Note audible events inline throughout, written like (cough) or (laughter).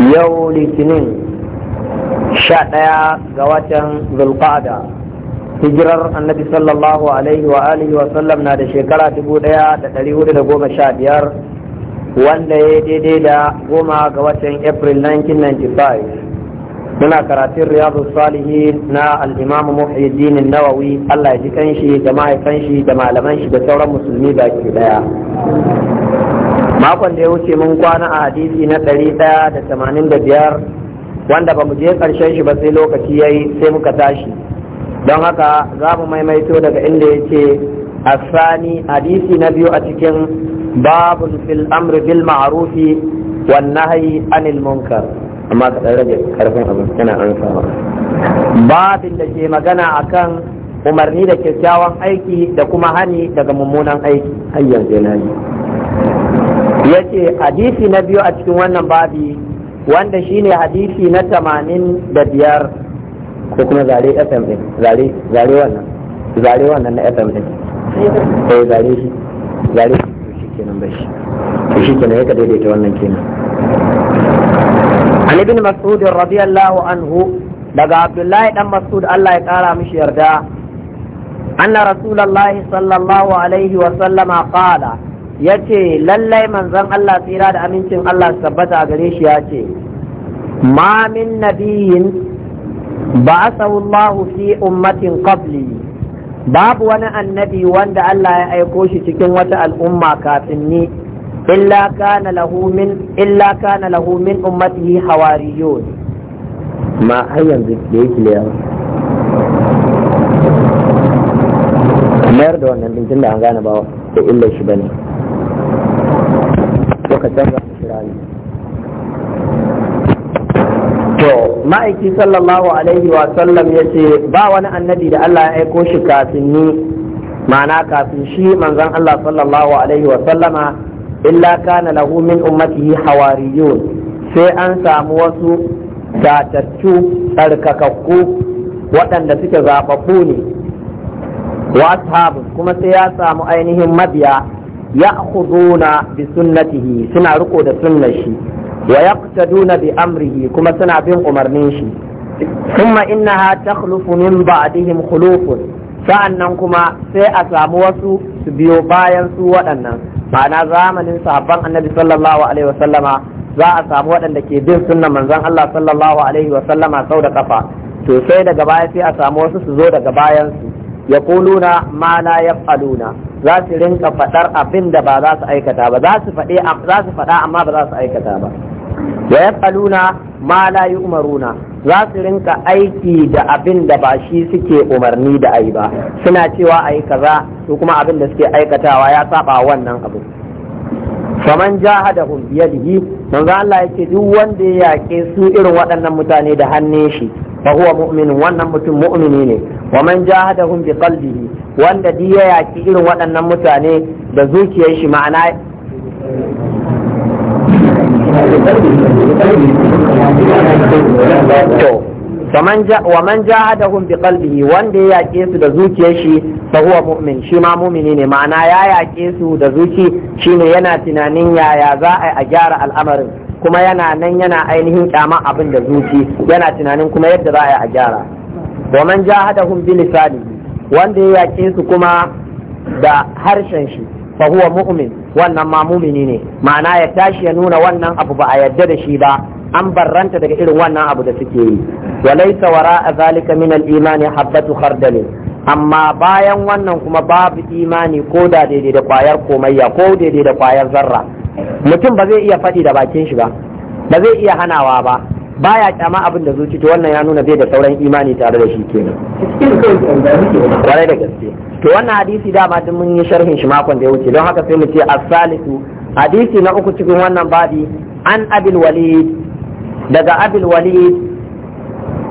yau litinin sha ɗaya ga watan zulqada hijirar annabi sallallahu alaihi wa alihi wa sallam na da shekara dubu ɗaya da ɗari hudu da goma sha biyar wanda ya daidai da goma ga watan april 1995 muna karatun riyadu salihi na al'imamu muhyiddin nawawi allah ya ji kanshi da mahaifanshi da malaman shi da sauran musulmi baki ɗaya makon da ya wuce mun kwana a hadisi na ɗari ɗaya da tamanin da biyar wanda ba mu je ƙarshen shi ba sai lokaci ya yi sai muka tashi don haka za mu maimaito daga inda ya ce asani hadisi na biyu a cikin babun fil amri bil ma'rufi wan nahyi anil munkar amma ka dan rage karfin abin kana an babin da ke magana akan umarni da kyakkyawan aiki da kuma hani daga mummunan aiki yace hadisi na biyu a cikin wannan babi wanda shine hadisi na tamanin da biyar ko kuma zare fm din zare zare wannan zare wannan na fm din eh zare shi zare shi kenan bashi shi kenan yaka daidaita wannan kenan an ibn mas'ud radiyallahu anhu daga abdullahi dan mas'ud Allah ya kara mishi yarda anna rasulullahi sallallahu alaihi wa sallama qala ya ce lallai manzon Allah tsira da amincin Allah su tabbata a gare shi ya ce ma min nabiyin ba a asahu fi ummatin qabli babu wani annabi wanda Allah ya aiko shi cikin wata al'umma kafin ni illa kana lahu min illa kana lahu min ummatihi hawariyun ma har yanzu da yake liya mayar da wannan din tunda an gane ba da illar shi bane suka canza to ma'aiki sallallahu alaihi wa sallam ya ce ba wani annabi da Allah ya aiko shi kafin ni ma'ana kafin shi manzon Allah sallallahu alaihi wa sallama illa kana lahu min ummatihi hawariyun sai an samu wasu datattu tsarkakakku waɗanda suke zaɓaɓɓu ne wa kuma sai ya samu ainihin mabiya ya'khuduna bi sunnatihi suna riko da sunnar shi wa na bi amrihi kuma suna bin umarnin shi thumma innaha takhlufu min ba'dihim khulufun sa'annan kuma sai a samu wasu su biyo bayan su waɗannan ma'ana zamanin sahabban annabi sallallahu alaihi wasallama za a samu waɗanda ke bin sunnan manzon Allah sallallahu alaihi wasallama sau da kafa sosai sai daga baya sai a samu wasu su zo daga bayansu. Ya yaquluna ma la yaf'aluna za su rinka fadar abin da ba za su aikata ba za su fade amma ba za su aikata ba wa yaf'aluna ma la yu'maruna za su rinka aiki da abin da ba shi suke umarni da ai ba suna cewa ayi kaza su kuma abin da suke aikatawa ya saba wannan abu faman jahadahum biyadihi manzo Allah yake duk wanda ya yake su irin waɗannan mutane da hannun shi fa huwa mu'min wannan mutum mu'mini ne wa man jahadahum bi qalbihi wanda di ya yaki irin waɗannan mutane da zuciyar shi ma'ana ya yake su da zuciyar shi mu'mini ne ma'ana ya yake da shine yana tunanin yaya za a gyara al'amarin kuma yana nan yana ainihin kyaman abin da zuci yana tunanin kuma yadda za a yi a gyara wa man jahadahum bi lisani wanda ya yake su kuma da harshen shi fa huwa mu'min wannan ma mu'mini ne ma'ana ya tashi ya nuna wannan abu ba a yadda da shi ba an barranta daga irin wannan abu da suke yi wa laysa wara'a zalika min al-imani habbatu khardal amma bayan wannan kuma babu imani ko da daidai da kwayar komayya ko daidai da kwayar zarra mutum ba zai iya faɗi da bakin shi ba ba zai iya hanawa ba baya kyama abin da zuci to wannan ya nuna bai da sauran imani tare da shi kenan kwarai da gaske to wannan hadisi dama duk mun yi sharhin shi makon da ya wuce don haka sai mu ce as-salisu hadisi na uku cikin wannan babi an abil walid daga abil walid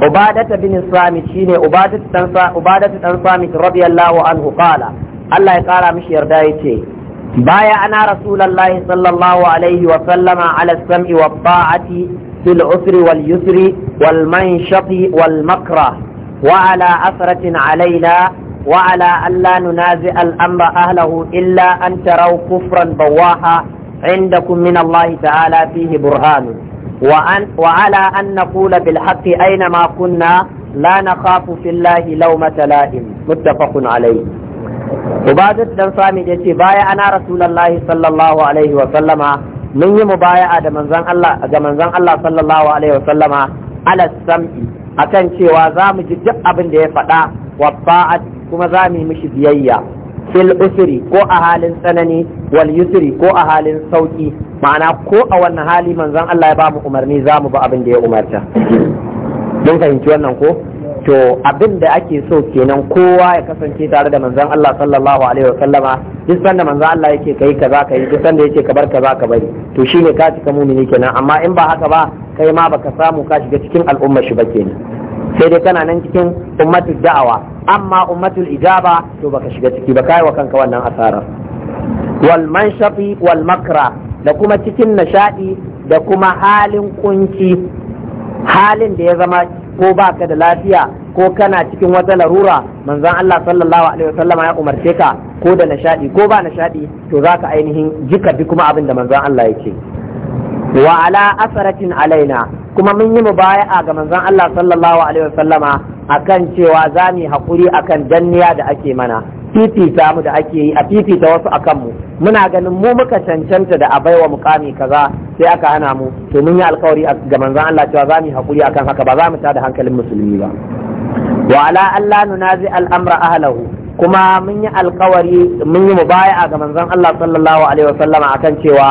ubadata bin samit shine ubadata dan samit radiyallahu anhu qala Allah ya kara mishi yarda yace بايعنا رسول الله صلى الله عليه وسلم على السمع والطاعة في العسر واليسر والمنشط والمكره وعلى أثرة علينا وعلى ألا ننازع الأمر أهله إلا أن تروا كفرا بواحا عندكم من الله تعالى فيه برهان وأن وعلى أن نقول بالحق أينما كنا لا نخاف في الله لومة لائم متفق عليه Ubadu dan Sami ya ce baya ana Rasulullahi sallallahu alaihi wa sallama mun yi mu baya da manzon Allah ga manzon Allah sallallahu alaihi wa sallama ala sam'i akan cewa za mu ji duk abin da ya faɗa wa ba'at kuma za mu yi mishi biyayya fil usri ko a halin tsanani wal yusri ko a halin sauki ma'ana ko a wannan hali manzon Allah ya ba mu umarni za mu bi abin da ya umarta mun fahimci wannan ko to abin da ake so kenan kowa ya kasance tare da manzon Allah sallallahu alaihi wa sallama duk sanda manzon Allah yake kai kaza ka yi duk sanda yake ka bar kaza ka bari to shine ka cika mumini kenan amma in ba haka ba kai ma baka samu ka shiga cikin al'umma shi ba kenan sai dai kana nan cikin ummatul da'awa amma ummatul ijaba to baka shiga ciki ba kai wa kanka wannan asara wal manshafi wal makra da kuma cikin nishadi da kuma halin kunci halin da ya zama ko ba ka da lafiya ko kana cikin wata larura manzon Allah sallallahu alaihi wasallam ya umarce ka ko da nishadi ko ba nishadi to za ka ainihin jika bi kuma abin da manzon Allah yake wa ala asaratin alaina kuma mun yi mubaya'a ga manzon Allah sallallahu alaihi wasallama akan cewa za mu hakuri akan danniya da ake mana fifita mu da ake yi a fifita wasu a kanmu muna ganin mu muka cancanta da a baiwa mukami kaza sai aka hana mu to mun yi alkawari ga manzon Allah cewa za mu hakuri akan haka ba za mu tada hankalin musulmi ba wa ala alla nunazi al'amra ahlahu kuma mun yi alkawari mun yi mubaya'a ga manzon Allah sallallahu alaihi wasallama akan cewa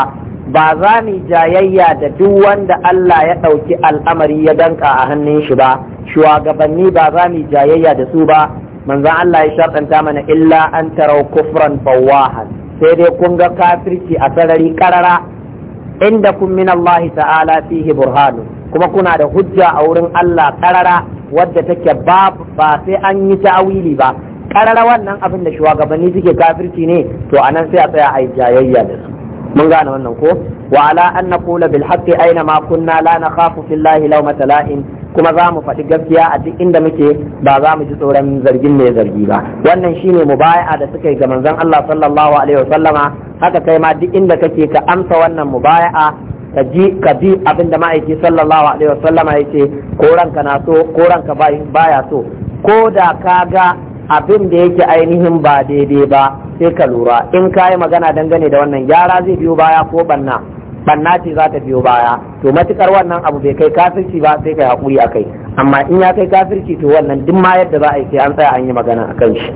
ba za mu jayayya da duk wanda Allah ya ɗauki al'amari ya danka a hannun shi ba shugabanni ba za mu jayayya da su ba manzan Allah ya sharɗanta mana illa an tarau kufran bawahan sai dai kun ga kafirci a sarari ƙarara inda kun min Allah ta'ala fihi burhanu kuma kuna da hujja a wurin Allah karara wadda take ba ba sai an yi ta'awili ba ƙarara wannan abin da shugabanni suke kafirci ne to anan sai a tsaya a jayayya da su mun gane wannan ko wa ala an naqula bil haqqi aina ma kunna la nakhafu fillahi lawmata kuma za mu faɗi gaskiya a duk inda muke ba za mu ji tsoron zargin mai zargi ba wannan shine mubaya'a da suka yi ga manzon Allah sallallahu alaihi sallama), haka kai ma duk inda kake ka amsa wannan mubaya'a ka ji ka bi abin da ma'aiki sallallahu alaihi wasallama yake ko ranka na so ko ranka baya so ko da ka ga abin da yake ainihin ba daidai ba sai ka lura in ka yi magana dangane da wannan gyara zai biyo baya ko banna banna ce za ta biyo baya to matukar wannan abu bai kai kafirci ba sai kai hakuri akai amma in ya kai kafirci to wannan duk ma yadda za a yi sai an tsaya an yi magana akan shi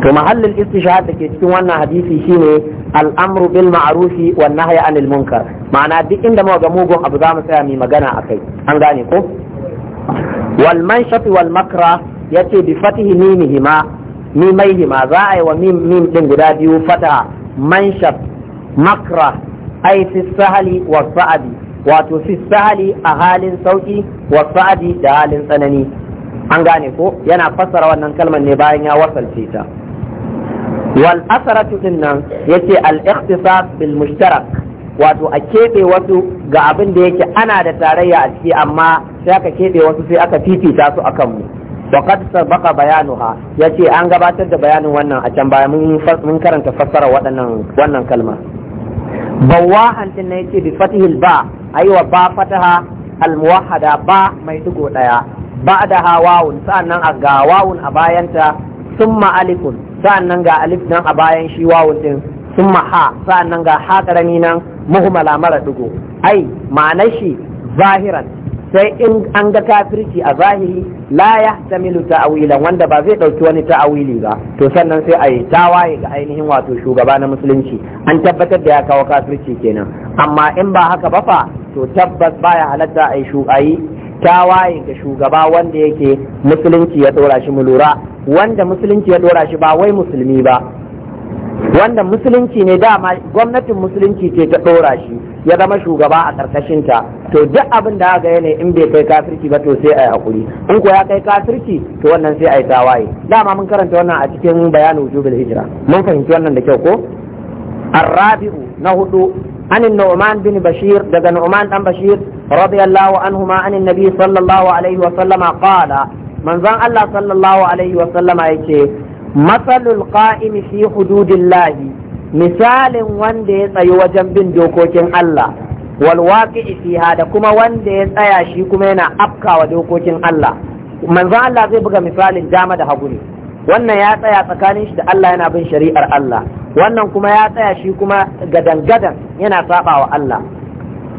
to mahallin istishhad da ke cikin wannan hadisi shine al'amru bil ma'rufi wan nahyi anil munkar ma'ana duk inda muka ga mugun abu za mu tsaya mu magana kai. an gane ko wal manshafi wal makra yace bi fatihi mimihima mimaihima za a yi wa mim mim din guda biyu fata manshaf makra ai fi sahali wa sa'adi wato fi sahali a halin sauki wa sa'adi da halin tsanani an gane ko yana fassara wannan kalmar ne bayan ya wasalce ta wal asaratu din nan yace al ikhtisas bil mushtarak wato a keɓe wasu ga abin da yake ana da tarayya a ciki amma sai aka keɓe wasu sai aka fifita su akan mu وقد سبق bayanuha yace an gabatar da bayanin wannan a can baya mun karanta fassara wannan kalma bawahan din nan yake bi fatihil ba aiwa ba fataha al muwahhada ba mai dugo daya ha wawun sa'annan a ga wawun a bayanta summa alifun sa'annan ga alif nan a bayan shi wawun din summa ha sa'annan ga ha karami nan muhmala mara dugo ai ma'anar shi zahiran sai in an ga kafirci a zahiri la ya tamilu ta'awilan wanda ba zai ɗauki wani ta'awili ba to sannan sai a yi tawaye ga ainihin wato shugaba na musulunci an tabbatar da ya kawo kafirci kenan amma in ba haka ba fa to tabbas baya halatta a yi shugayi tawaye ga shugaba wanda yake musulunci ya ɗora shi mu lura wanda musulunci ya ɗora shi ba wai musulmi ba wanda musulunci ne dama gwamnatin musulunci ce ta ɗora shi ya zama shugaba a ta to duk abin da aka yana in bai kai kafirci ba to sai a yi hakuri in ko ya kai kafirci to wannan sai a yi tawaye dama mun karanta wannan a cikin bayanin wujubul hijira mun fahimci wannan da kyau ko arrabi'u na hudu an النعمان بن بشير دقى نعمان بن بشير رضي الله عنهما عن النبي صلى الله عليه وسلم قال من ظن الله صلى الله عليه matsalul qa'imi fi hududillahi misalin wanda ya tsayi wajen bin dokokin Allah wal isi fiha da kuma wanda ya tsaya shi kuma yana afkawa dokokin Allah manzo Allah zai buga misalin dama da hagu ne wannan ya tsaya tsakanin shi da Allah yana bin shari'ar Allah wannan kuma ya tsaya shi kuma gadan-gadan yana saba wa Allah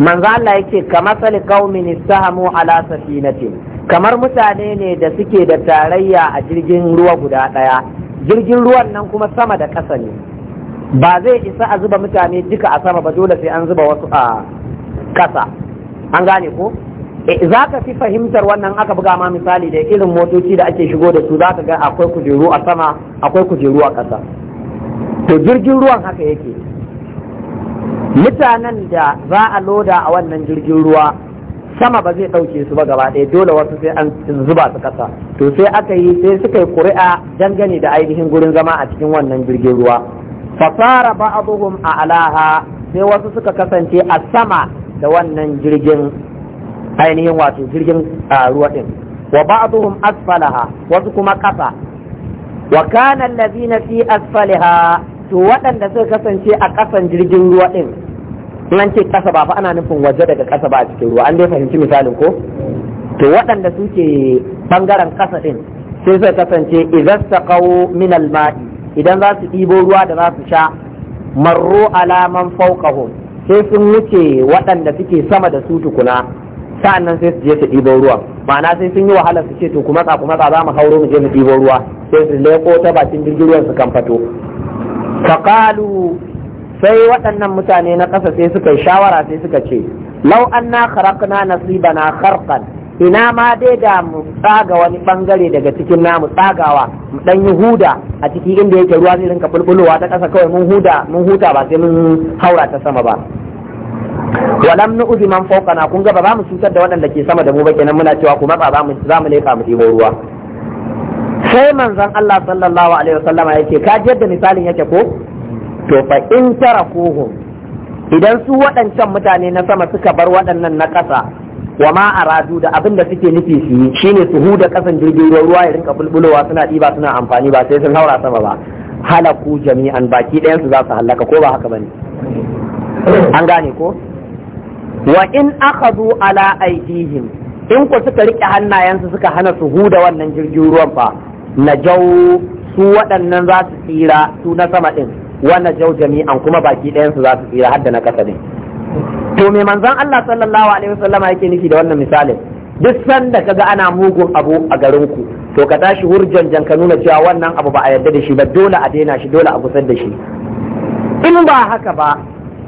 manzo Allah yake kamar sali qaumin istahamu ala safinatin kamar mutane ne da suke da tarayya a jirgin ruwa guda daya jirgin ruwan nan kuma sama da ƙasa ne ba zai isa a zuba mutane duka a sama ba dole sai an zuba wasu a ƙasa an gane ko eh, za ka fi fahimtar wannan aka buga ma misali da irin motoci da ake shigo da su za ka ga akwai kujeru a sama akwai kujeru a ƙasa to jirgin ruwan haka yake mutanen da za a loda a wannan jirgin ruwa sama ba zai ɗauke su ba gaba ɗaya dole wasu sai an zuba su ƙasa to sai aka yi sai suka yi ƙuri'a dangane da ainihin gurin zama a cikin wannan jirgin ruwa fasara ba'dhum a alaha sai wasu suka kasance a sama da wannan jirgin ainihin wato jirgin ruwa ɗin wa ba'dhum asfalaha wasu kuma ƙasa wa kana allazina fi asfaliha to waɗanda suka kasance a ƙasan jirgin ruwa ɗin in an ce kasa ba fa ana nufin waje daga kasa ba a cikin ruwa an dai fahimci misalin ko to waɗanda suke bangaren kasa din sai suka kasance idan ta saqaw min alma'i idan za su ɗibo ruwa da za su sha marro alaman fawqahum sai sun wuce waɗanda suke sama da su tukuna nan sai su je su ɗibo ruwan ma'ana sai sun yi wahala su ce to ku matsa ku matsa za mu hauro mu je mu ɗibo ruwa sai su leko ta bakin jirgin ruwan su kan fato faqalu sai waɗannan mutane na ƙasa sai suka yi shawara sai suka ce lau anna nasiba na kharqan ina ma dai da mu tsaga wani bangare daga cikin namu tsagawa mu dan yi huda a ciki inda yake ruwa zai rinka bulbulowa ta ƙasa kawai mun huda mun huta ba sai mun haura ta sama ba walam uzi man na kun ga ba mu cutar da waɗanda ke sama da mu ba kenan muna cewa kuma ba za mu za mu mu ɗibo ruwa sai manzon Allah sallallahu alaihi wasallama yake ka jaddada misalin yake ko to fa in tarakuhum idan su waɗancan mutane na sama suka bar waɗannan na ƙasa wa ma aradu da abin da suke nufi su yi shine su huda ƙasan jirgin ruwa ya rinka bulbulowa suna ɗiba suna amfani ba sai sun haura sama ba halaku jami'an baki ɗayan su za su halaka ko ba haka bane an gane ko wa in akhadhu ala aidihim in ku suka rike hannayensu suka hana su huda wannan jirgin ruwan fa najau su waɗannan za su tsira su na sama ɗin wannan jau jami'an kuma baki ɗayansu zasu za su tsira har da na ƙasa ne to me manzon Allah sallallahu alaihi wasallama yake nufi da wannan misalin duk sanda kaga ana mugun abu a garin ku to ka tashi hurjan jan ka nuna cewa wannan abu ba a yarda da shi ba dole a daina shi dole a gusar da shi in ba haka ba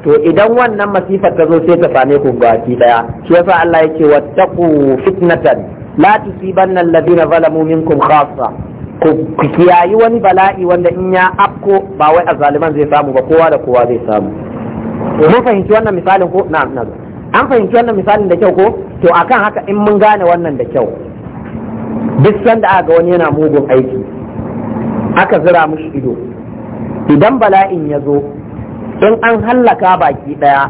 to idan wannan masifar ta zo sai ta same ku baki daya shi yasa Allah yake wattaqu fitnatan la tusibanna alladhina zalamu minkum khassa ku kiyayi wani bala'i wanda in ya afko ba wai zaliman zai samu ba kowa da kowa zai samu mun fahimci wannan misalin ko na na an fahimci wannan misalin da kyau ko to akan haka in mun gane wannan da kyau duk sanda aka ga wani yana mugun aiki aka zira mushi ido idan bala'in ya zo in an hallaka baki daya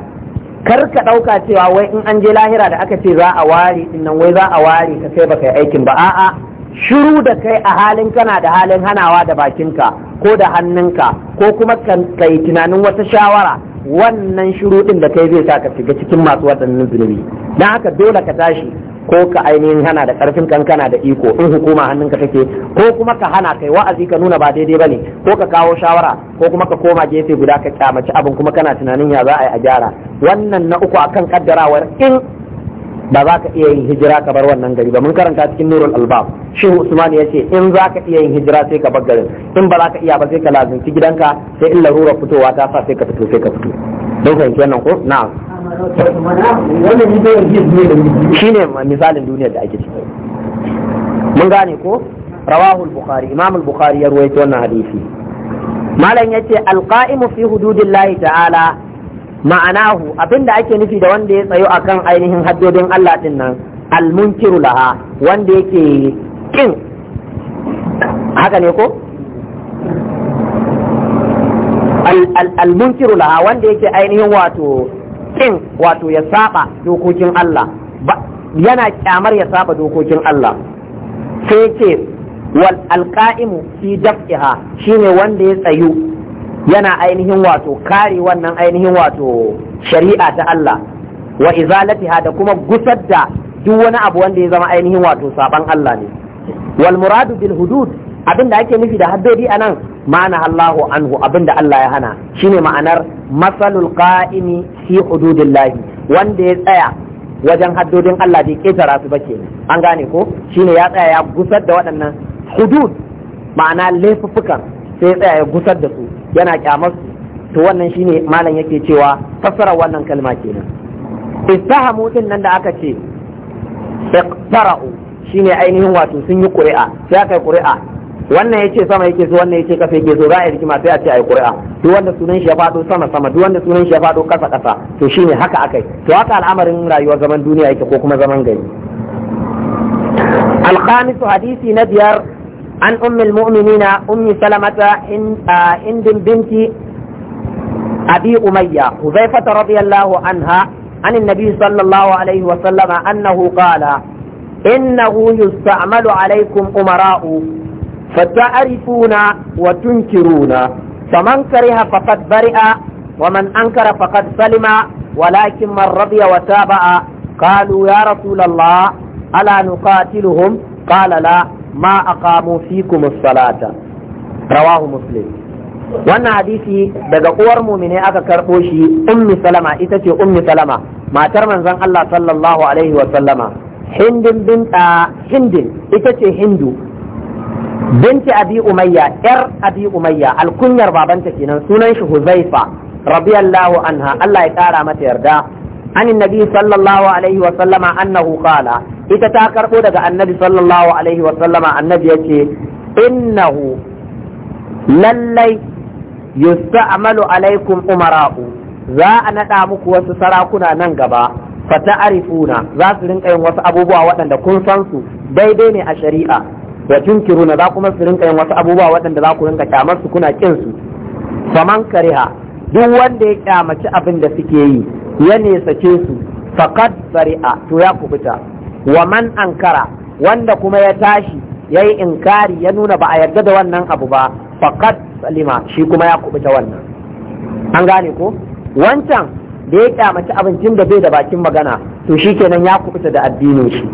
kar ka ɗauka cewa wai in an je lahira da aka ce za a ware dinnan wai za a ware ka sai baka yi aikin ba a'a shiru da kai a halin kana da halin hanawa da bakinka ko da hannunka ko kuma ka yi tunanin wata shawara wannan shiru din da kai zai sa ka shiga cikin masu waɗannan zunubi don haka dole ka tashi ko ka ainihin hana da karfin kankana da iko in hukuma hannunka take ko kuma ka hana kai wa'azi ka nuna ba daidai ba ne, ko ka kawo shawara ko kuma ka koma gefe guda ka kyamaci abin kuma kana tunanin ya za a yi a gyara wannan na uku akan kaddarawar in ba za ka iya yin hijira ka bar wannan gari ba mun karanta cikin nurul albab shehu usman ya ce in za ka iya yin hijira sai ka bar garin in ba za ka iya ba sai ka lazimci gidanka sai in larurar fitowa ta sa sai ka fito sai ka fito don fahimci wannan ko na'am ne misalin duniyar da ake ciki mun gane ko rawahul bukhari imam al-bukhari ya ruwaito wannan hadisi malam yace alqa'imu fi hududillahi ta'ala ma'anahu abinda ake nufi da wanda ya tsayo akan ainihin haddodin Allah din nan almunkiru laha wanda yake kin haka ne ko almunkiru laha wanda yake ainihin wato kin wato ya saba dokokin Allah yana kyamar ya saba dokokin Allah sai ce wal alqaimu fi daf'iha shine wanda ya tsayu yana ainihin wato kare wannan ainihin wato shari'a ta Allah wa izalatiha da kuma gusar da duk wani abu wanda ya zama ainihin wato saban Allah ne wal muradu bil hudud abinda ake nufi da haddodi anan ma'ana Allahu anhu abinda Allah ya hana shine ma'anar masalul qa'imi fi hududillahi wanda ya tsaya wajen haddodin Allah bai ketara su bace an gane ko shine ya tsaya ya gusar da waɗannan hudud ma'ana laifuffukan sai ya tsaya ya gusar da su yana kyamar to wannan shine malam yake cewa fassara wannan kalma kenan istahamu din nan da aka ce iqtara'u shine ainihin wato sun yi ƙuri'a sai aka yi ƙuri'a wannan yace sama yake so wannan yace kafa yake so za a yi rikima sai a ce a yi ƙuri'a duk wanda sunan shi ya faɗo sama sama duk wanda sunan shi ya faɗo ƙasa ƙasa to shine haka akai to haka al'amarin rayuwar zaman duniya yake ko kuma zaman gari hadisi na biyar. عن أم المؤمنين أم سلمة عند آه، بنت أبي أمية حذيفة رضي الله عنها عن النبي صلى الله عليه وسلم أنه قال إنه يستعمل عليكم أمراء فتعرفون وتنكرون فمن كره فقد برئ ومن أنكر فقد سلم ولكن من رضي وتابع قالوا يا رسول الله ألا نقاتلهم قال لا ma aqamu fikum as-salata rawahu muslim wannan hadisi daga uwar mumine aka karbo shi ummi salama ita ce ummi salama matar manzon Allah sallallahu alaihi wa sallama hindin ita ce hindu binti abi umayya yar abi umayya alkunyar babanta kenan sunan shi huzaifa radiyallahu anha Allah ya kara mata yarda عن النبي صلى الله عليه وسلم أنه قال ita ta karbo daga annabi sallallahu alaihi wa sallama annabi yace innahu lallai yusta'malu alaikum umara'u za a nada muku wasu sarakuna nan gaba fata'arifuna za su rinka yin wasu abubuwa waɗanda kun san su daidai ne a shari'a wa tunkiruna za kuma su rinka yin wasu abubuwa waɗanda za ku rinka kyamar su kuna kin su faman kariha duk wanda ya kyamaci abin da suke yi ya nesace su faqad sari'a to ya kubuta wa man ankara wanda kuma ya tashi ya yi inkari ya nuna ba a yarda da wannan abu ba fakat salima shi kuma ya kubuta wannan an gane ko wancan da ya kyamaci abincin da bai da bakin magana to shi kenan ya kubuta da addinin shi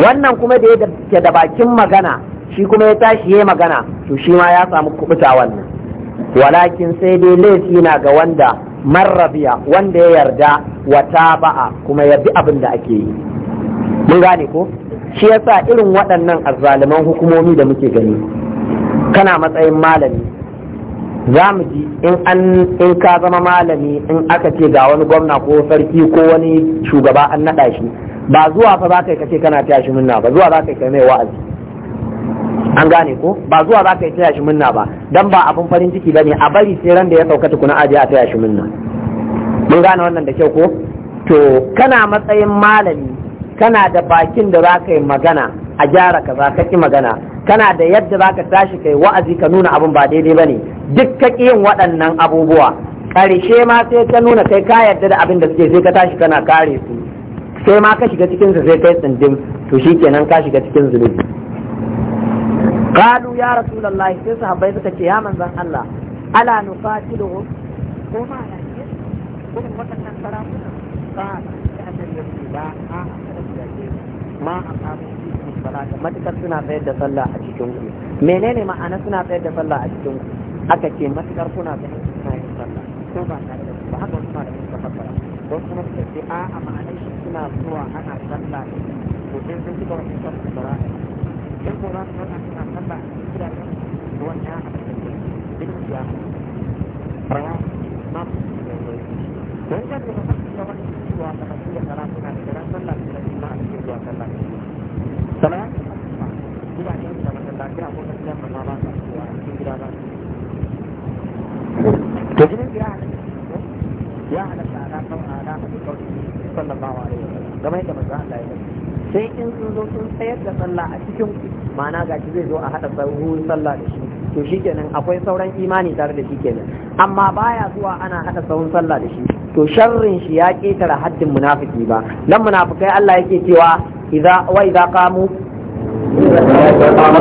wannan kuma da ya da bakin magana shi kuma ya tashi ya magana to shi ma ya samu kubuta wannan walakin sai dai laifi na ga wanda marrabiya wanda ya yarda wata ba'a kuma ya bi abin da ake yi mun gane ko shi yasa irin waɗannan azzaliman hukumomi da muke gani kana matsayin malami za mu ji in ka zama malami in aka ce ga wani gwamna ko sarki ko wani shugaba an naɗa shi ba zuwa fa za ka yi kace kana taya shi munna ba zuwa za ka yi kai mai wa'azi an gane ko ba zuwa za ka yi taya shi munna ba dan ba abin farin ciki bane a bari sai ran da ya sauka tukuna aje a taya shi munna mun gane wannan da kyau ko to kana matsayin malami kana da bakin da za ka yi magana a gyara ka za ka ƙi magana kana da yadda za ka tashi kai wa'azi ka nuna abin ba daidai ba ne duk ka yin waɗannan abubuwa ƙarshe ma sai ka nuna kai ka yarda da abin da suke sai ka tashi kana kare su sai ma ka shiga cikin su sai kai tsindin to shi kenan ka shiga cikin zunubi Kalu ya lallahi sai haɓai suka ce ya manzon Allah ala nufatiluhu ko ma na ce wannan wannan sarakuna ba ta da ba ma a kamun matukar suna tsayar da sallah a cikin ku menene ma'ana suna tsayar da sallah a cikin ku aka ce matukar kuna tsayar da suna yin sallah sun ba tare da ba haka suna da muka fara ko kuma suka ce a a ma'anar shi suna zuwa ana sallah ne ko sai sun ci gaba da sallah da ra'a in ko za su zauna suna haɗa sahu sallah da shi to shikenan akwai sauran imani tare da shi kenan amma baya zuwa ana hada sahun sallah da shi to sharrin shi ya ketara haddin munafiki ba nan munafikai Allah yake cewa idza wa idza qamu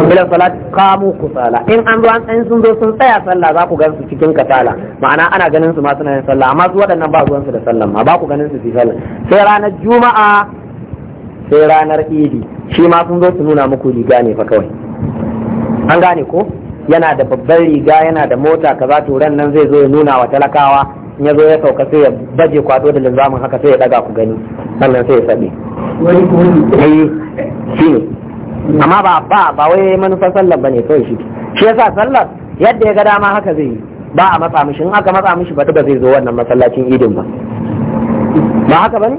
bila salat qamu kusala in an zo an sun zo sun tsaya sallah za ku gan su cikin katala ma'ana ana ganin su ma suna yin sallah amma su waɗannan ba zuwan su da sallah ma ba ku ganin su su sallah sai ranar juma'a sai ranar idi shi ma sun zo su nuna muku riga ne fa kawai an gane ko yana da babban riga yana da mota kaza to ran nan zai zo ya nuna wa talakawa in ya zo ya sauka sai ya baje kwado da linzamin haka sai ya daga ku gani sannan sai ya sabe eh, shi ne amma ba ba ba wai manufar sallar bane kawai shi shi yasa sallar yadda ya ga dama haka zai yi ba a matsa mishi in aka matsa mishi ba ta ba zai zo wannan masallacin idin ba ba haka bane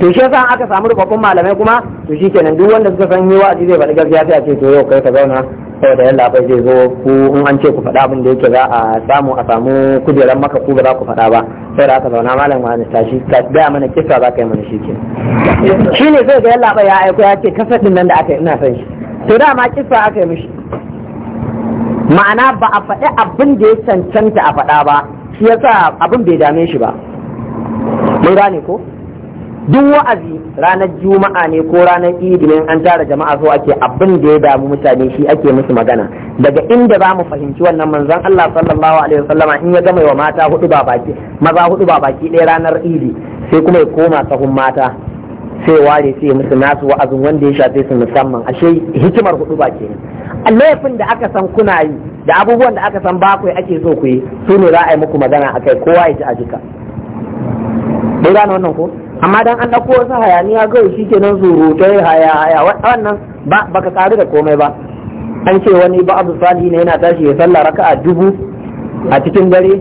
to shi yasa aka samu rubabban malamai kuma to shi kenan duk wanda suka san yi wa'azi zai faɗi gaskiya sai a ce to yau kai ka zauna saboda yalla bai zai zo ku in an ce ku faɗa abin da yake za a samu a samu kujeran maka ku ba za ku faɗa ba sai da aka zauna malam wani tashi ka gaya mana kisa za ka yi mana shi ke shi ne sai da yalla bai ya aiko ya ce din nan da aka yi ina son shi to dama kisa aka yi mishi ma'ana ba a faɗi abin da ya cancanta a faɗa ba shi yasa abin bai dame shi ba mun gane ko duk wa'azi ranar juma'a ne ko ranar idi ne an tara jama'a so ake abin da ya damu mutane shi ake musu magana daga inda za mu fahimci wannan manzon Allah sallallahu alaihi wasallama in ya gama wa mata hudu ba baki maza hudu ba baki ɗaya ranar idi sai kuma ya koma sahun mata sai ware sai musu nasu wa'azin wanda ya shafe su musamman ashe hikimar hudu ba kenan laifin da aka san kuna yi da abubuwan da aka san bakwai ake so ku yi su ne za a yi muku magana akai kowa ya ji a jika. Bai gane wannan ko? amma dan an dauko wasu hayaniya kawai shi kenan surutai haya haya wannan ba ka karu da komai ba an ce wani ba abu salihi ne yana tashi ya sallah raka'a dubu a cikin dare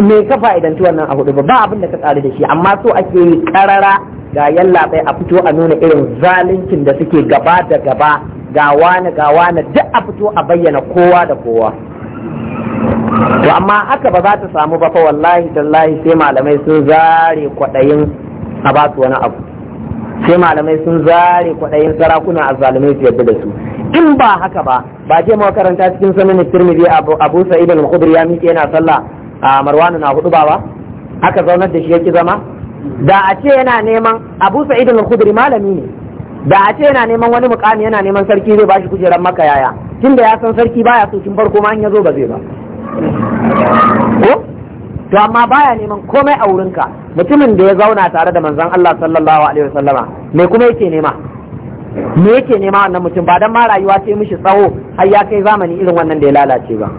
me ka fa'idanci wannan a hudu ba ba abin da ka karu da shi amma so ake yi karara ga yalla bai a fito a nuna irin zaluncin da suke gaba da gaba ga wani ga wani duk a fito a bayyana kowa da kowa to amma haka ba za ta samu ba fa wallahi tallahi sai malamai sun zare kwaɗayin a ba su wani abu sai malamai sun zare kwaɗayin sarakuna a zalimai su yadda da su in ba haka ba ba je makaranta cikin sanin tirmidhi abu sa'id al-khudri ya miƙe yana sallah a marwanu na hudu ba ba aka zaunar da shi yake zama da a ce yana neman abu sa'id al-khudri malami ne da a ce yana neman wani mukami yana neman sarki zai bashi kujerar maka yaya tunda ya san sarki baya so kin farko ma in yazo ba zai ba ko to amma baya neman komai a wurinka mutumin da ya zauna tare da manzon Allah sallallahu alaihi wasallama me kuma yake nema me yake nema wannan mutum ba dan ma rayuwa ce mishi tsawo har ya kai zamani irin wannan da ya lalace ba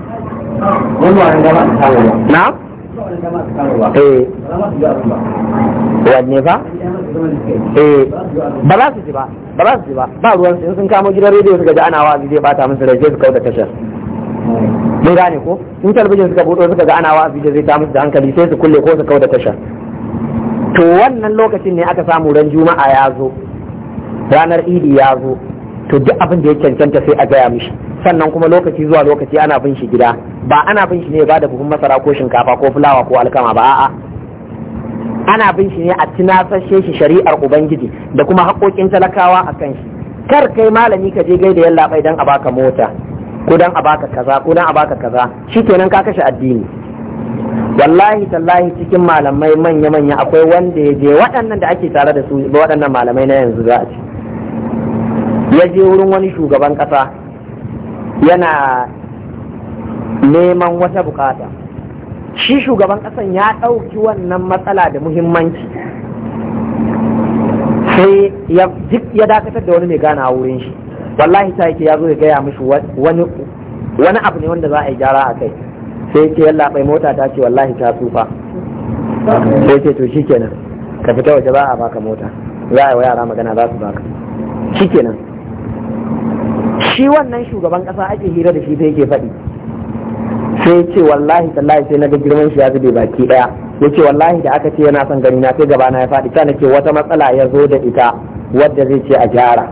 na eh wanne fa eh ba za su ji ba ba za su ji ba ba ruwan sun sun kamo gidan rediyo suka ji ana wazi zai bata musu rai su kauda tashar hmm. mun gane ko in talabijin suka buɗo suka ga ana wazi zai ta musu da hankali sai su kulle ko su kauda tashar to wannan lokacin ne aka samu ran juma'a ya zo ranar idi ya zo to duk abin da ya cancanta sai a gaya mishi sannan kuma lokaci zuwa lokaci ana bin shi gida ba ana bin shi ne ba da buhun masara ko shinkafa ko fulawa ko alkama ba a'a ana bin shi ne a tunasashe shi shari'ar ubangiji da kuma haƙoƙin talakawa a kan shi kar kai malami ka je gaida yallaɓai don a baka mota ko don a baka kaza ko don a baka kaza shikenan ka kashe addini wallahi tallahi cikin malamai manya manya akwai wanda ya je waɗannan da ake tare da su waɗannan malamai na yanzu za a ce ya je wurin wani shugaban ƙasa yana neman wata bukata shi shugaban ƙasan ya ɗauki wannan matsala da muhimmanci sai ya dakatar da wani mai gana wurin shi wallahi ta yake ya zo ya gaya mishi wani abu ne wanda za a yi gyara a kai sai ce yalla bai mota ta ce wallahi ta tsufa sai ce to shikenan ka fita waje ba a baka mota za a yi wa yara magana za su baka shikenan shi wannan shugaban kasa ake hira da shi sai ke faɗi sai ce wallahi tallahi sai na ga girman shi ya zube baki daya ya ce wallahi da aka ce yana son gani na sai gaba na ya faɗi kana ke wata matsala ya zo da ita wadda zai ce a gyara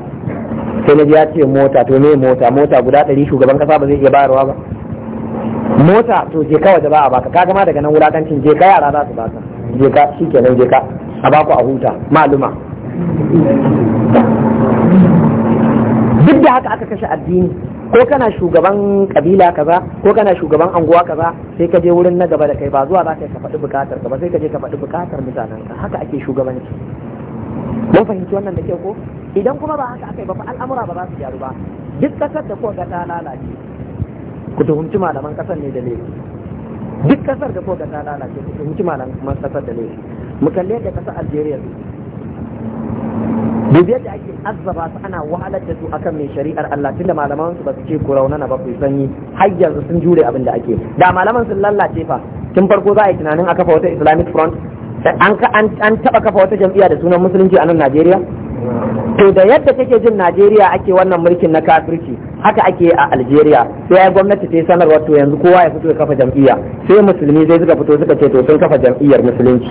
sai na ya ce mota to me mota mota guda ɗari shugaban kasa ba zai iya bayarwa ba mota to je kawai da ba a baka ka gama daga nan wulakancin je ka yara za su baka je ka shi nan je ka a baku a huta maluma duk da haka aka kashe addini ko kana shugaban kabila kaza ko kana shugaban anguwa kaza sai ka je wurin na gaba da kai ba zuwa za ka faɗi bukatar ka ba sai ka je ka faɗi bukatar mutanen ka haka ake shugabanci mun fahimci wannan da ke ko idan kuma ba haka aka yi ba fa al'amura ba za su gyaru ba duk kasar da kuka ga ta lalace ku tuhumci malaman kasar ne da laifi duk kasar da koga ta lalace ku tuhumci malaman kasar da laifi mu kalle da kasar Algeria duk da ake azzaba su ana wahalar da su akan mai shari'ar Allah tunda malaman su ba su ce ku na ba ku sanyi har yanzu sun jure abin da ake da malaman sun lallace fa tun farko za a yi tunanin a kafa wata Islamic Front an an taba kafa wata jam'iyya da sunan musulunci a nan Najeriya to da yadda kake jin Najeriya ake wannan mulkin na kafirci haka ake a Algeria sai ya gwamnati ta yi sanarwar to yanzu kowa ya fito ya kafa jam'iyya sai musulmi zai suka fito suka ce to sun kafa jam'iyyar musulunci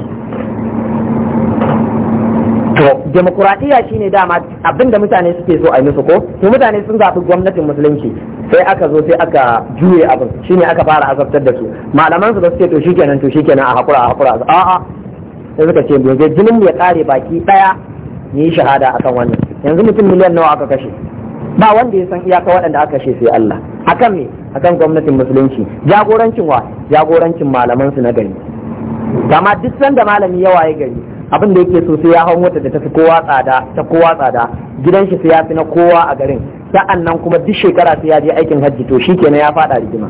to demokuraɗiyya shine dama abinda mutane suke so a yi musu ko to mutane sun zaɓi gwamnatin musulunci sai aka zo sai aka juye abin shine aka fara azabtar da su malaman su ba suke to shikenan to shikenan a hakura a hakura a'a sai suka ce mu jinin mu ya kare baki daya yi shahada akan wannan yanzu mutum miliyan nawa aka kashe ba wanda ya san iyaka waɗanda aka kashe sai Allah akan me akan gwamnatin musulunci jagorancin wa jagorancin malaman su na gari amma duk sanda malami yawa ya gari abin da yake so sai ya hau mota da ta fi kowa tsada ta kowa tsada gidan shi sai ya fi na kowa a garin sa'an nan kuma duk shekara sai ya je aikin hajji to shikenan ya faɗa rigima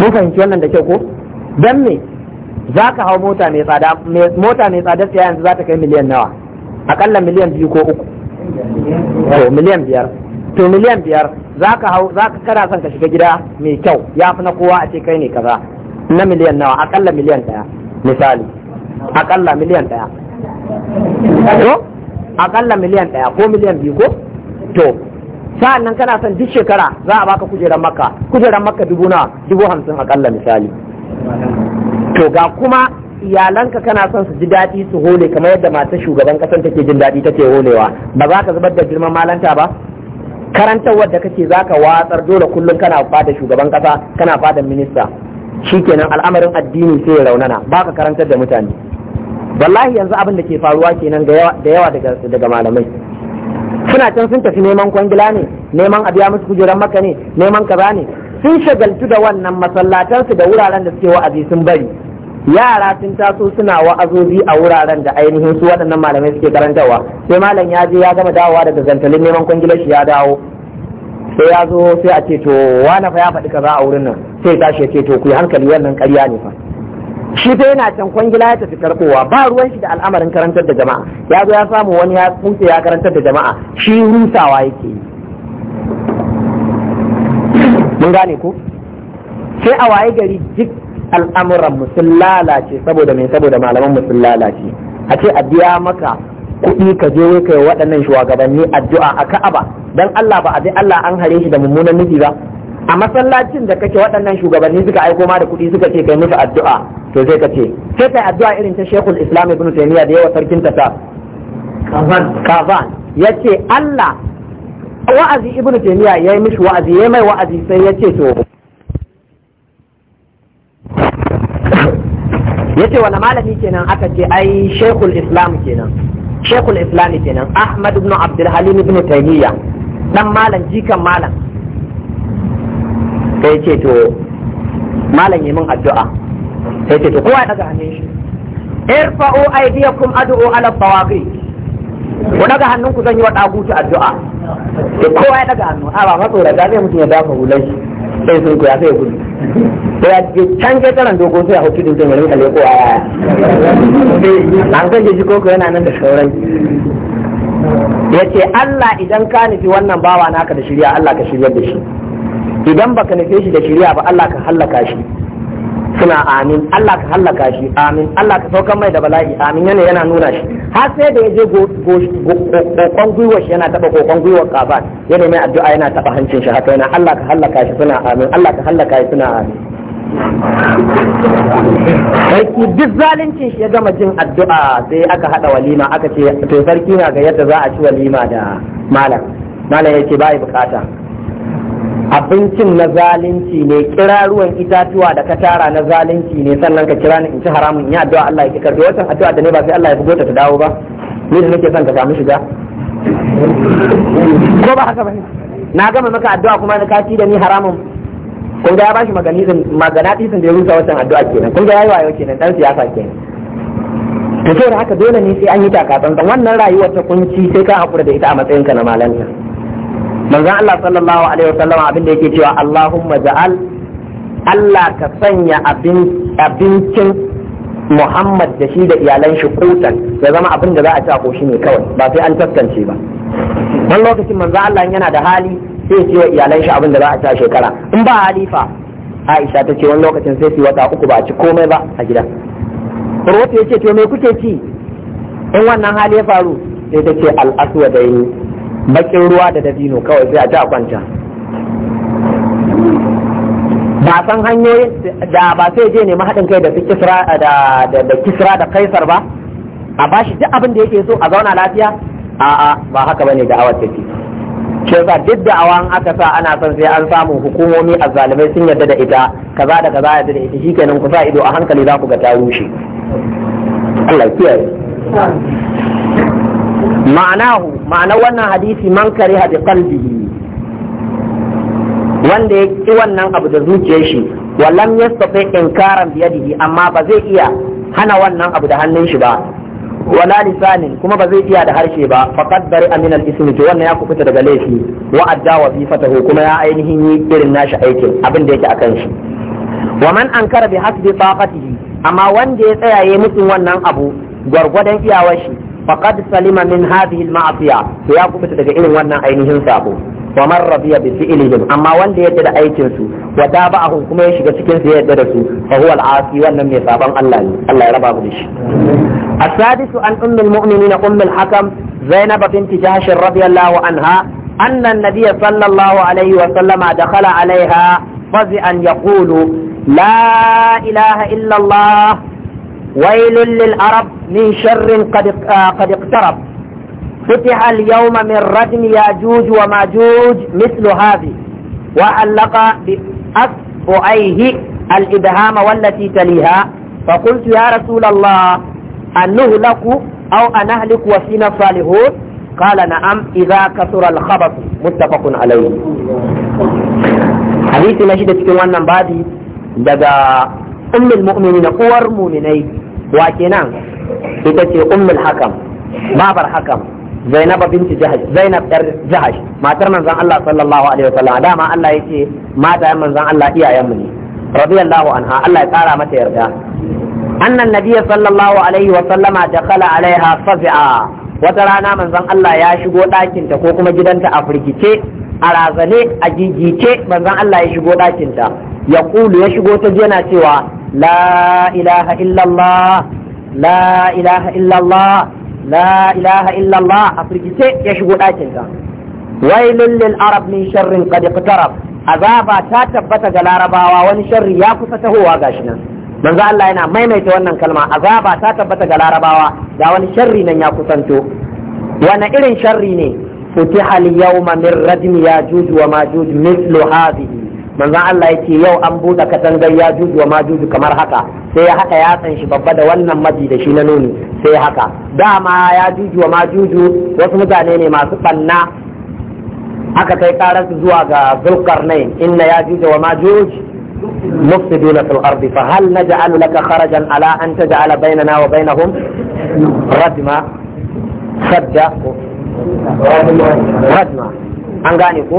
kun fahimci wannan da kyau ko dan me za ka hau mota mai tsada mota mai tsada siya yanzu za ta kai miliyan nawa akalla miliyan biyu ko uku to miliyan biyar to miliyan biyar za ka hau za ka kana son ka shiga gida mai kyau ya fi na kowa a ce kai ne kaza na miliyan nawa akalla miliyan daya misali akalla miliyan daya to akalla miliyan daya ko miliyan biyu ko to sa'an nan kana son duk shekara za a baka kujerar makka kujerar makka dubu na dubu hamsin akalla misali to ga kuma iyalanka kana son su ji daɗi su hole kamar yadda mata shugaban ƙasar take jin daɗi take holewa ba za ka zubar da girman malanta ba karantarwar da kake za ka watsar dole kullum kana fada shugaban ƙasa kana fada minista shikenan al'amarin addini sai ya raunana ba ka karantar da mutane wallahi yanzu abin da ke faruwa kenan da yawa daga malamai suna can sun tafi neman kwangila ne neman a biya musu kujeran maka ne neman kaza ne sun shagaltu da wannan masallatansu da wuraren da suke wa'azi sun bari yara sun taso suna wa'azozi a wuraren da ainihin su waɗannan malamai suke karantarwa sai malam ya je ya gama dawowa daga zantalin neman kwangilar shi ya dawo sai ya zo sai a ce to wani fa ya faɗi kaza a wurin nan sai tashi ya ce to ku yi hankali wannan ƙarya ne fa shi dai yana can kwangila ya tafi karɓowa, ba ruwan shi da al'amarin karantar da jama'a ya zo ya samu wani ya kuce ya karantar da jama'a shi rusawa yake yi mun gane ko sai a waye gari duk al'amuran mu sun lalace saboda mai saboda malaman mu sun lalace a ce a biya maka kuɗi ka je wai kai waɗannan shugabanni addu'a a Ka'aba Don Allah ba a bi Allah an hare shi da mummunan nufi ba a masallacin da kake waɗannan shugabanni suka aiko ma da kuɗi suka ce kai musu addu'a to zai ka ce sai kai addu'a irin ta Sheikhul Islam Ibn Taymiyyah da yawa sarkin ta Kazan yace Allah wa'azi Ibn Taymiyyah yayi mishi wa'azi yayi mai wa'azi sai yace to yace wani malami kenan aka ce ai shekul islam kenan shekul islam kenan ahmad ibn abdulhalim ibn taymiya dan malam jikan malam sai ce to malam yi min addu'a sai ce to kowa ya daga hannun shi irfa'u aydiyakum ad'u ala tawaqi ku daga ku zan yi wa dagutu addu'a sai kowa ya daga hannu a ba matsorata zai mutum ya dafa hulai sai sun kuya sai gudu sai ya je can ke karan dogo sai a hutu din zai rinka leko a an kaje shi koko yana nan da sauran ya ce Allah idan ka nufi wannan bawa naka da shirya Allah ka shirya da shi idan baka nufi shi da shirya ba Allah ka hallaka shi suna amin Allah ka hallaka shi amin Allah ka saukar mai da bala'i amin yana yana nuna shi har sai da yaje kokon gwiwar shi yana taba kokon gwiwar kafa yana mai addu'a yana taba hancin shi haka yana Allah ka hallaka shi suna amin Allah ka hallaka shi suna amin sarki duk zalincin shi ya gama jin addu'a sai aka hada walima aka ce to sarki na ga yadda za a ci walima da malam malam yace bai bukata abincin na zalunci ne kiraruwan itatuwa da ka tara na zalunci ne sannan ka kira ni in ci haramun ya addu'a Allah ya kikar da wata addu'a da ne ba sai Allah ya bugo ta dawo ba ni da nake son ka samu shiga ko ba haka bane na gama maka addu'a kuma na kaci da ni haramun kun ga ya bashi magana tisin da ya rusa wancan addu'a kenan kun ga yayi wayo kenan dan siyasa kenan to da haka dole ne sai an yi takatsantsan wannan rayuwar ta kunci sai ka hakura da ita a matsayinka na malanta manzon Allah sallallahu alaihi wasallam abin da yake cewa Allahumma ja'al Allah ka sanya abincin Muhammad da shi da iyalan shi kutan ya zama abin da za a ci a koshi ne kawai ba sai an taskance ba wani lokacin manzo Allah yana da hali sai ce wa iyalan shi abin da za a ci a shekara in ba halifa Aisha ta ce wani lokacin sai su wata uku ba a ci komai ba a gida Urwatu ya ce to me kuke ci in wannan hali ya faru sai ta ce al-aswadaini bakin ruwa da dabino kawai sai a ci a kwanta ba san hanyoyin da ba sai je nemi haɗin kai da kisra da da kisra da kaisar ba a ba shi duk abin da yake so a zauna lafiya a'a ba haka bane da awar take shi yasa duk da awan aka sa ana son sai an samu hukumomi a zalimai sun yarda da ita kaza da kaza yarda da ita shikenan ku sa ido a hankali za ku ga ta rushe Allah kiyaye ma'anahu ma'ana wannan hadisi man kare bi qalbihi wanda ya ki wannan abu da zuciyar shi wallam yastati inkaran bi yadihi amma ba zai iya hana wannan abu da hannun shi ba wala lisanin kuma ba zai iya da harshe ba faqad bari amin al ismi to wannan ya kufuta daga laifi wa adda fatahu kuma ya ainihin yi irin nashi aikin abin da yake akan shi wa man ankara bi hasbi taqatihi amma wanda ya tsaya yayi mutun wannan abu gwargwadon iyawar shi faqad salima min hadhihi al-ma'siya ya kubuta daga irin wannan ainihin sabo wa man radiya bi fi'lihim amma wanda yadda da aikin su wa daba'ahum kuma ya shiga cikin su yadda da su fa huwa al wannan mai sabon Allah ne Allah ya raba mu da shi as-sadisu an ummul mu'minin ummul hakam zainab bint jahsh radiyallahu anha anna an-nabiy sallallahu alaihi wa sallama dakhala alaiha fazi'an yaqulu la ilaha illa ويل للعرب من شر قد آه، قد اقترب فتح اليوم من ردم ياجوج وماجوج مثل هذه وعلق بأصبعيه الإبهام والتي تليها فقلت يا رسول الله أن نهلك أو أن نهلك وفينا صالحون قال نعم إذا كثر الخبث متفق عليه حديث نجد في wannan babi daga أم المؤمنين uwar mu'minai wa kenan ita ce ummul hakam babar hakam zainab binti jahash zainab yar jahash matar Allah sallallahu alaihi wasallam dama Allah yake mata manzon Allah iyayenmu ne radiyallahu anha Allah ya kara mata yarda annan nabiyyi sallallahu alaihi wasallama dakhala alaiha fazi'a wata rana manzon Allah ya shigo ɗakinta ko kuma gidanta a firgice a razane a gigice manzon Allah ya shigo ɗakinta ya kulu ya shigo ta yana cewa لا إله إلا الله لا إله إلا الله لا إله إلا الله أفرجتي يشغو آتنك ويل للعرب من شر قد اقترب azaba ta tabbata ga larabawa wani sharri ya kusa tahowa gashi nan manzo Allah yana maimaita wannan kalma azaba ta tabbata ga larabawa ga wani sharri nan ya kusanto wani irin sharri ne futiha al-yawma min rajm yajuj wa majuj manzon Allah ya ce yau an buɗe katangar ya juju wa ma kamar haka sai ya haka yatsan shi babba da wannan maji da shi na nuni sai ya haka dama ya juju wa ma wasu mutane ne masu banna aka kai karar zuwa ga zulkarnain inna ya juju wa ma juju مفسدون في an فهل نجعل لك خرجا على أن تجعل بيننا وبينهم ردما سدا ردما أنغانيكو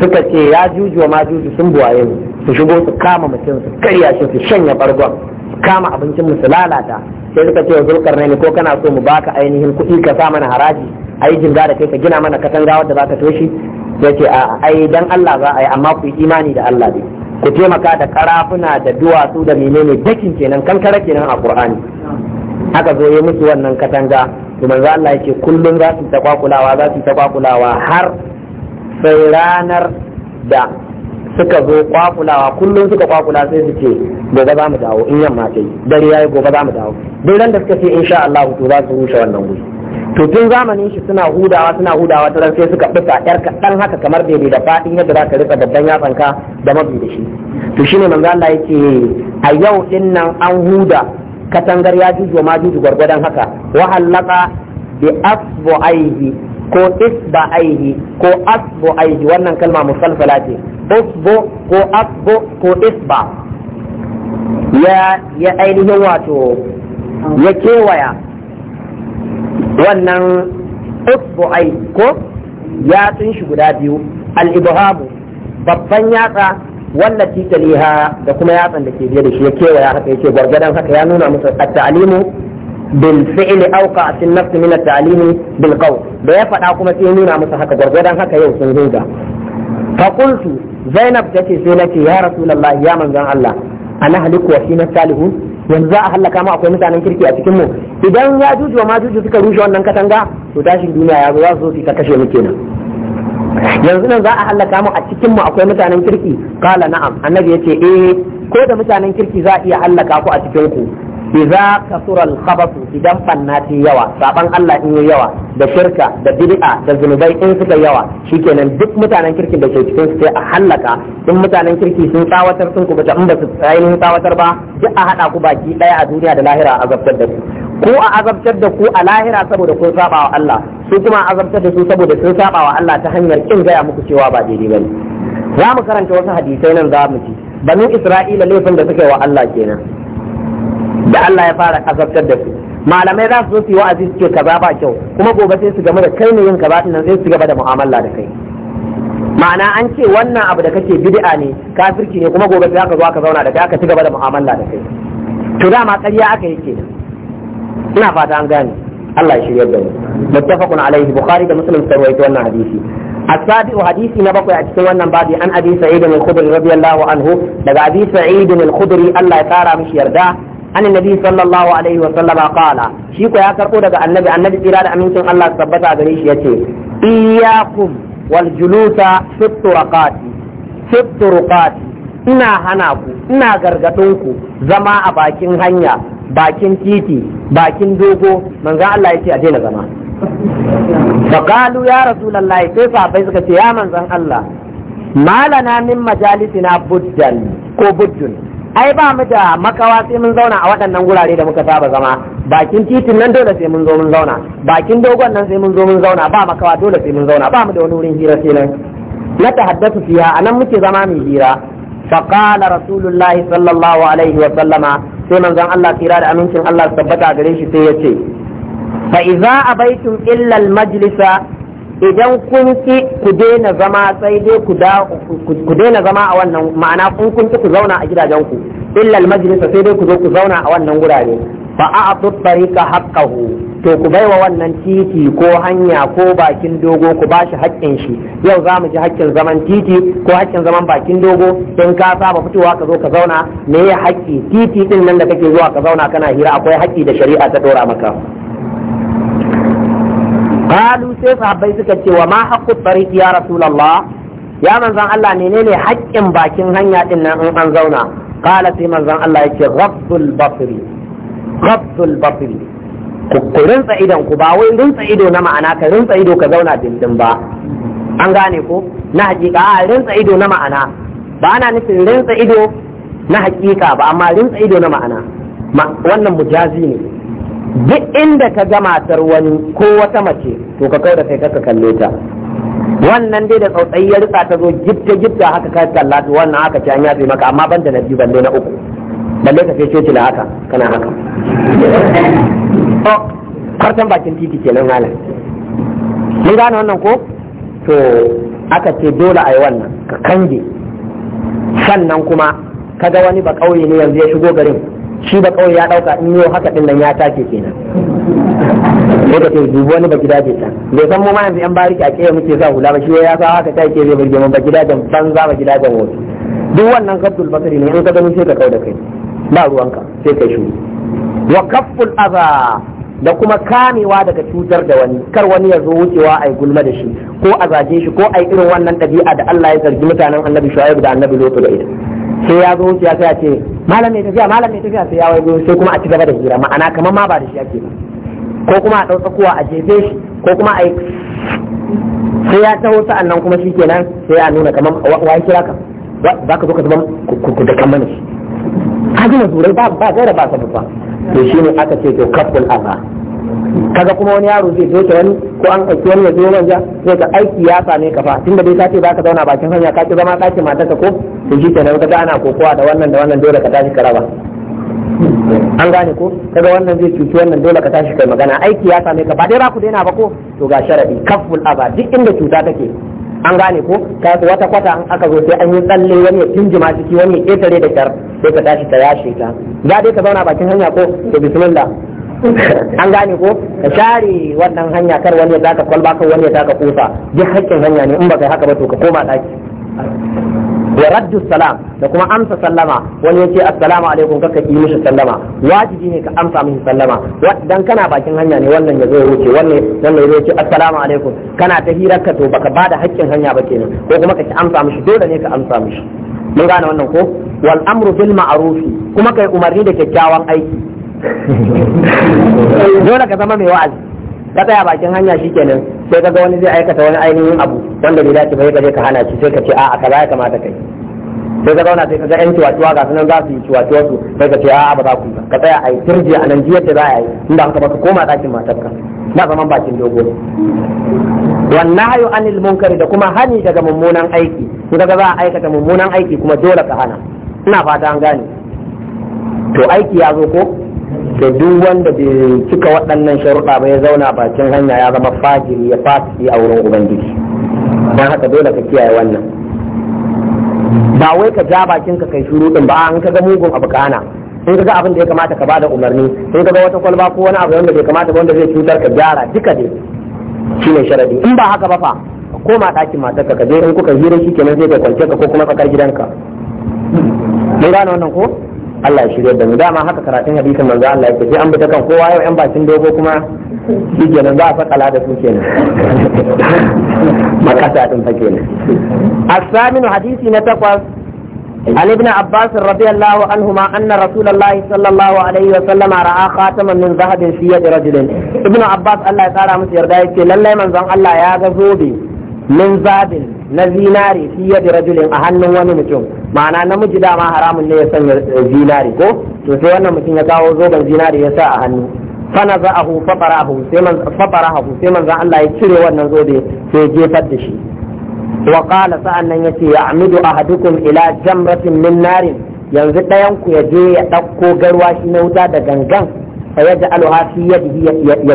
suka ce ya juju wa majuju sun buwaye su shigo su kama mutum su karya shi su shanya bargon kama abincin musu su lalata sai suka ce wa ne ko kana so mu baka ainihin kuɗi ka sa mana haraji yi jinga da kai ka gina mana katanga wadda za ka toshi ya ce a ai dan Allah za a yi amma ku yi imani da Allah dai ku taimaka da karafuna da duwatsu da menene dakin kenan kankara kenan a Qur'ani aka zo ya musu wannan katanga to manzo Allah yake kullum za su ta kwakulawa za su ta kwakulawa har sai ranar da suka zo kwakulawa kullum suka kwakula sai su ce gobe za mu dawo in yamma ta yi dare yayi gobe za mu dawo duk ran da suka ce insha Allah to za su rushe wannan guri to tun zamanin shi suna hudawa suna hudawa ta sai suka bisa yar kaɗan haka kamar bai da faɗi yadda za ka rika babban yatsanka da mabi da shi to shine manzo Allah yake a yau din nan an huda katangar ya juju ma juju gwargwadon haka wa halaka bi asbu'aihi ko isba aihi ko asbo aihi wannan kalma musalfala ce usbo ko asbo ko isba ya ya ainihin wato ya kewaya wannan usbo aihi ko ya tun shi guda biyu al-ibhamu babban yatsa wallati titaliha da kuma yatsan da ke biye da shi ya kewaya haka yake gwargwadon haka ya nuna musu at-ta'limu bil fi'li awqa fi an-nafs min at-ta'lim bil qawl da ya faɗa kuma sai nuna musu haka gwargwadon haka yau sun zuga fa qultu zainab tace sai nace ya rasulullah ya manzon Allah ana haliku wa na salihu yanzu a halaka ma akwai mutanen kirki a cikin mu idan ya juju ma juju suka rushe wannan katanga to tashin duniya ya zo za su zo ta kashe mu kenan yanzu nan za a halaka mu a cikin mu akwai mutanen kirki kala na'am annabi yace eh ko da mutanen kirki za a iya halaka ku a cikin ku biza kasural khabasu idan banna ta yawa saban Allah in yi yawa da shirka da bid'a da zunubai in suka yawa shikenan duk mutanen kirkin da ke cikin su sai a halaka in mutanen kirki sun tsawatar sun kubuta in ba su ainihin tsawatar ba duk a hada ku baki daya a duniya da lahira a azabtar da ku ko a azabtar da ku a lahira saboda kun saba wa Allah su kuma a azabtar da su saboda sun saba wa Allah ta hanyar kin gaya muku cewa ba daidai bane za mu karanta wasu hadisai nan za mu ci banu Isra'ila laifin da suke wa Allah kenan da Allah ya fara azabtar da su malamai za su zo su wa'azi su ce kaza ba kyau kuma gobe sai su game da kai ne yin kaza nan sai su gaba da mu'amala da kai ma'ana an ce wannan abu da kake bid'a ne kafirki ne kuma gobe sai aka zo aka zauna da kai aka ci gaba da mu'amala da kai to dama ƙarya aka yi kenan ina fata an gane Allah ya shirya da mu muttafaqun alaihi bukhari da muslim sai rawaito wannan hadisi السابع حديث نبقى أتكلم عن بعد عن أبي سعيد الخدري رضي الله عنه لقى أبي سعيد الخدري الله يتارى مش يرضاه an annabi sallallahu alaihi wa sallama qala shi ko ya karbo daga annabi annabi tsira da amincin Allah tabbata gare shi yace iyyakum wal julusa fi turqati fi turqati ina hana ku ina gargadin ku zama a bakin hanya bakin titi bakin dogo manzo Allah yace a daina zama فقالوا ya رسول الله كيف أبيز يا من زن الله ما لنا من مجالسنا بدا ko بد ai ba mu da makawa sai mun zauna a waɗannan gurare da muka saba zama bakin titin nan dole sai mun zo mun zauna bakin dogon nan sai mun zo mun zauna ba makawa dole sai mun zauna ba mu da wani wurin hira sai nan na tahaddathu a anan muke zama mai hira faqala rasulullahi sallallahu alaihi wa sallama sai manzon Allah kira da amincin Allah tabbata gare shi sai yace fa idza abaitum illa al majlisa idan kun ki ku daina zama sai dai ku da ku daina zama a wannan ma'ana kun kun ki ku zauna a gidajen ku illa majlis sai dai ku zo ku zauna a wannan gurare fa a'tu tariqa haqqahu to ku baiwa wannan titi ko hanya ko bakin dogo ku bashi haƙƙin shi yau za mu ji haƙƙin zaman titi ko haƙƙin zaman bakin dogo in ka saba fitowa ka zo ka zauna me ya haƙƙi titi din nan da kake zuwa ka zauna kana hira akwai haƙƙi da shari'a ta dora maka Kalu sai sahabai suka ce wa ma haqqu tariq ya rasulullah ya manzon Allah menene haƙƙin bakin hanya din nan in an zauna kala sai manzon Allah yace ghaddul basri ghaddul basri ku rinsa idon ku ba wai rinsa ido na ma'ana ka rinsa ido ka zauna dindin ba an gane ko na hakika a rinsa ido na ma'ana ba ana nufin rinsa ido na hakika ba amma rinsa ido na ma'ana wannan mujazi ne duk inda ka ga matar wani ko wata mace to ka kauda kai ka kalle ta wannan dai da tsautsayi ya rika ta zo gifta gifta haka ka kalla ta wannan haka ce an yafe maka amma banda na biyu balle na uku balle ka sai coci na haka kana haka to oh, kartan bakin titi kenan halin mun gane wannan ko to aka ce dole a yi wannan ka kange sannan kuma kaga wani ba kauye ne yanzu ya shigo garin shi ba kawai ya dauka in yau haka din nan ya take kenan sai ka ce dubu wani baki dace ta bai san mu ma yanzu yan bariki a kiyaye muke sa hula ba shi ya sa haka ta ke zai burge mu baki dacen banza baki dacen wasu duk wannan kabdul basari ne in ka gani sai ka kau da kai ba ruwanka sai ka shuru wa kafful aza da kuma kamewa daga cutar da wani kar wani ya zo wucewa a gulma da shi ko a zaje shi ko a irin wannan ɗabi'a da Allah ya zargi mutanen annabi shu'aib da annabi lutu da ita sai ya zo wuce ya sai ya ce malam mai tafiya malam mai tafiya sai ya gudu sai kuma a ci gaba da hira ma'ana kamar ma ba da shi ake ko kuma a ɗauka kowa a jefe shi ko kuma a yi sai ya taho sa'an nan kuma shi nan sai ya nuna kamar wa kira ka za ka zo ka zama ku da kamar shi ka gina zurai ba gaira ba sabu ba to shi ne aka ce to kafin Allah kaga kuma wani yaro zai doke wani ko an ɗauki wani ya zo manja zai ka aiki ya same ka fa tunda dai ka ce ka zauna bakin hanya ka ki zama ɗakin ka ko to shi kenan kaga ana kokowa da wannan da wannan dole ka tashi ka raba an gane ko kaga wannan zai cuci wannan dole ka tashi kai magana aiki ya same ka ba dai ba ku daina ba ko to ga sharadi kaful aba duk inda cuta take an gane ko ka wata kwata an aka zo sai an yi tsalle wani ya tunjima ciki wani ya ƙetare da kyar sai ka tashi ka yashe ta za dai ka zauna bakin hanya ko to bismillah an gane ko ka share wannan hanya kar wani ya zaka kwalba kan wani ya zaka kusa duk haƙƙin hanya ne in ba kai haka ba to ka koma daki wa raddu salam da kuma amsa sallama wani yace assalamu alaikum kaka yi mishi sallama wajibi ne ka amsa mishi sallama dan kana bakin hanya ne wannan ya zo ya wuce wannan wannan ya ce assalamu alaikum kana ta hirarka to baka bada haƙƙin hanya ba kenan ko kuma ka ki amsa mishi dole ne ka amsa mishi mun gane wannan ko wal amru bil ma'ruf kuma kai umarni da kyakkyawan aiki (laughs) dole ka zama mai wa'azi ka tsaya bakin hanya kenan sai ka ga wani zai aikata wani ainihin abu wanda bai dace ba sai ka je ka hana shi sai ka ce a'a kaza ya kamata kai sai ka zauna sai ka ga yan ciwatuwa ga sunan za su yi ciwatuwa su sai ka ce a'a ba za ku ka tsaya a yi turje a nan jiya ce za a yi inda aka ba ka koma ɗakin matarka na zaman bakin dogo wannan hayo anil munkari da kuma hani daga mummunan aiki in ga za a aikata mummunan aiki kuma dole ka hana ina fata an gane to aiki ya zo ko to duk wanda bai cika waɗannan sharuɗa ba ya zauna bakin hanya ya zama fajiri ya fasiki a wurin ubangiji don haka dole ka kiyaye wannan ba wai ka ja bakin ka kai shuruɗin ba an ka ga mugun abu kana in ka ga abin da ya kamata ka bada umarni in ka ga wata kwalba ko wani abu wanda bai kamata ba wanda zai cutar ka gyara duka dai shine sharadi in ba haka ba fa koma ɗakin matar ka je in kuka hira shi kenan zai kai kwance ka ko kuma tsakar gidanka mun gane wannan ko Allah ya shirya da mu dama haka karatun hadisin manzo Allah ya sai an bi ta kan kowa yau yan bakin dogo kuma shi nan za a sakala da su kenan makasa din fa kenan as-saminu hadisi na takwas عن ابن عباس رضي الله عنهما أن رسول الله صلى الله عليه وسلم رأى خاتما من ذهب في يد رجل ابن عباس الله تعالى مسير دايك لله من زن الله يا زوبي من ذهب na zinari fi yadda rajulin a hannun wani mutum ma'ana namiji dama haramun ne ya sanya eh, zinari ko to sai wannan mutum ya kawo zoben zinari ya sa a hannu fana za a hu hu sai manzan Allah ya cire wannan zobe sai jefar da shi wa qala sa'an nan yace ya'midu ahadukum ila jamratin min narin yanzu ɗayan ku ya je ya ɗauko garwashi na wuta da gangan fa yaj'aluha fi ya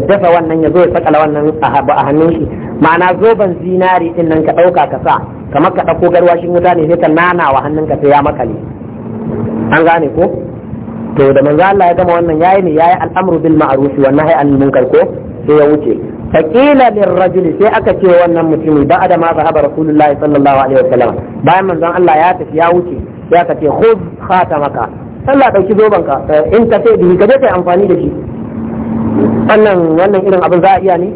dafa wannan ya zo ya sakala wannan a hannun shi ma'ana zoben zinari din nan ka dauka ka sa kamar ka dauko garwashin wuta ne sai ka nana hannunka sai ya makale an gane ko to da manzo Allah ya gama wannan yayi ne yayi al'amru bil ma'ruf wa nahyi anil munkar ko sai ya wuce faqila lirrajuli sai aka ce wannan mutumi ba da ma zahaba rasulullahi sallallahu alaihi wasallam bayan manzon Allah ya tafi ya wuce ya tafi khudh maka. sallah ɗauki zoben eh, ka in ta sai bihi ka je kai amfani da shi wannan wannan irin abin za a iya ne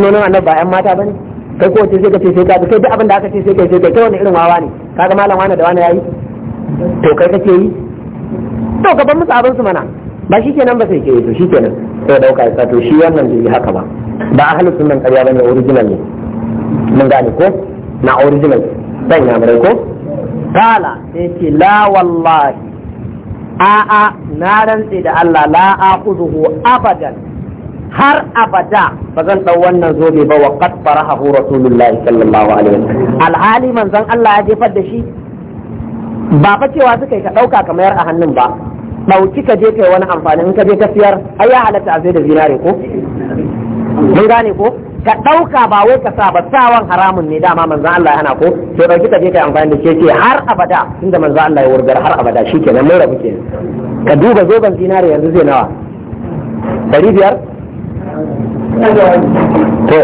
nuna wannan ba ƴan mata bane kai ko sai ka ce sai ka kai duk abin da aka ce sai kai ce kai kai wannan irin wawa ne kaga malam wani da wani yayi to kai kake yi to gaban musu abin su mana ba shi kenan ba sai ke yi to shi kenan sai dauka ya to shi wannan bai yi haka ba ba ahlus sunnah kariya bane original ne mun gane ko na original sai ya mare ko kala sai ce la wallahi a'a na rantse da Allah la aquduhu abadan har abada ba zan dau wannan zobe ba wa qad farahahu rasulullahi sallallahu alaihi wasallam alhali manzon Allah ya jefar da shi ba fa cewa suka yi ka dauka ka mayar a hannun ba dauki ka je kai wani amfani in ka je ka siyar ai ya halatta a da zinare ko mun gane ko ka ɗauka ba wai ka sa ba sawan haramun ne dama manzan Allah yana ko to ɗauki ka je kai amfani da keke ce har abada inda manzan Allah ya wurgar har abada shi kenan mai rabu kenan ka duba zoben zinare yanzu zai nawa ɗari biyar to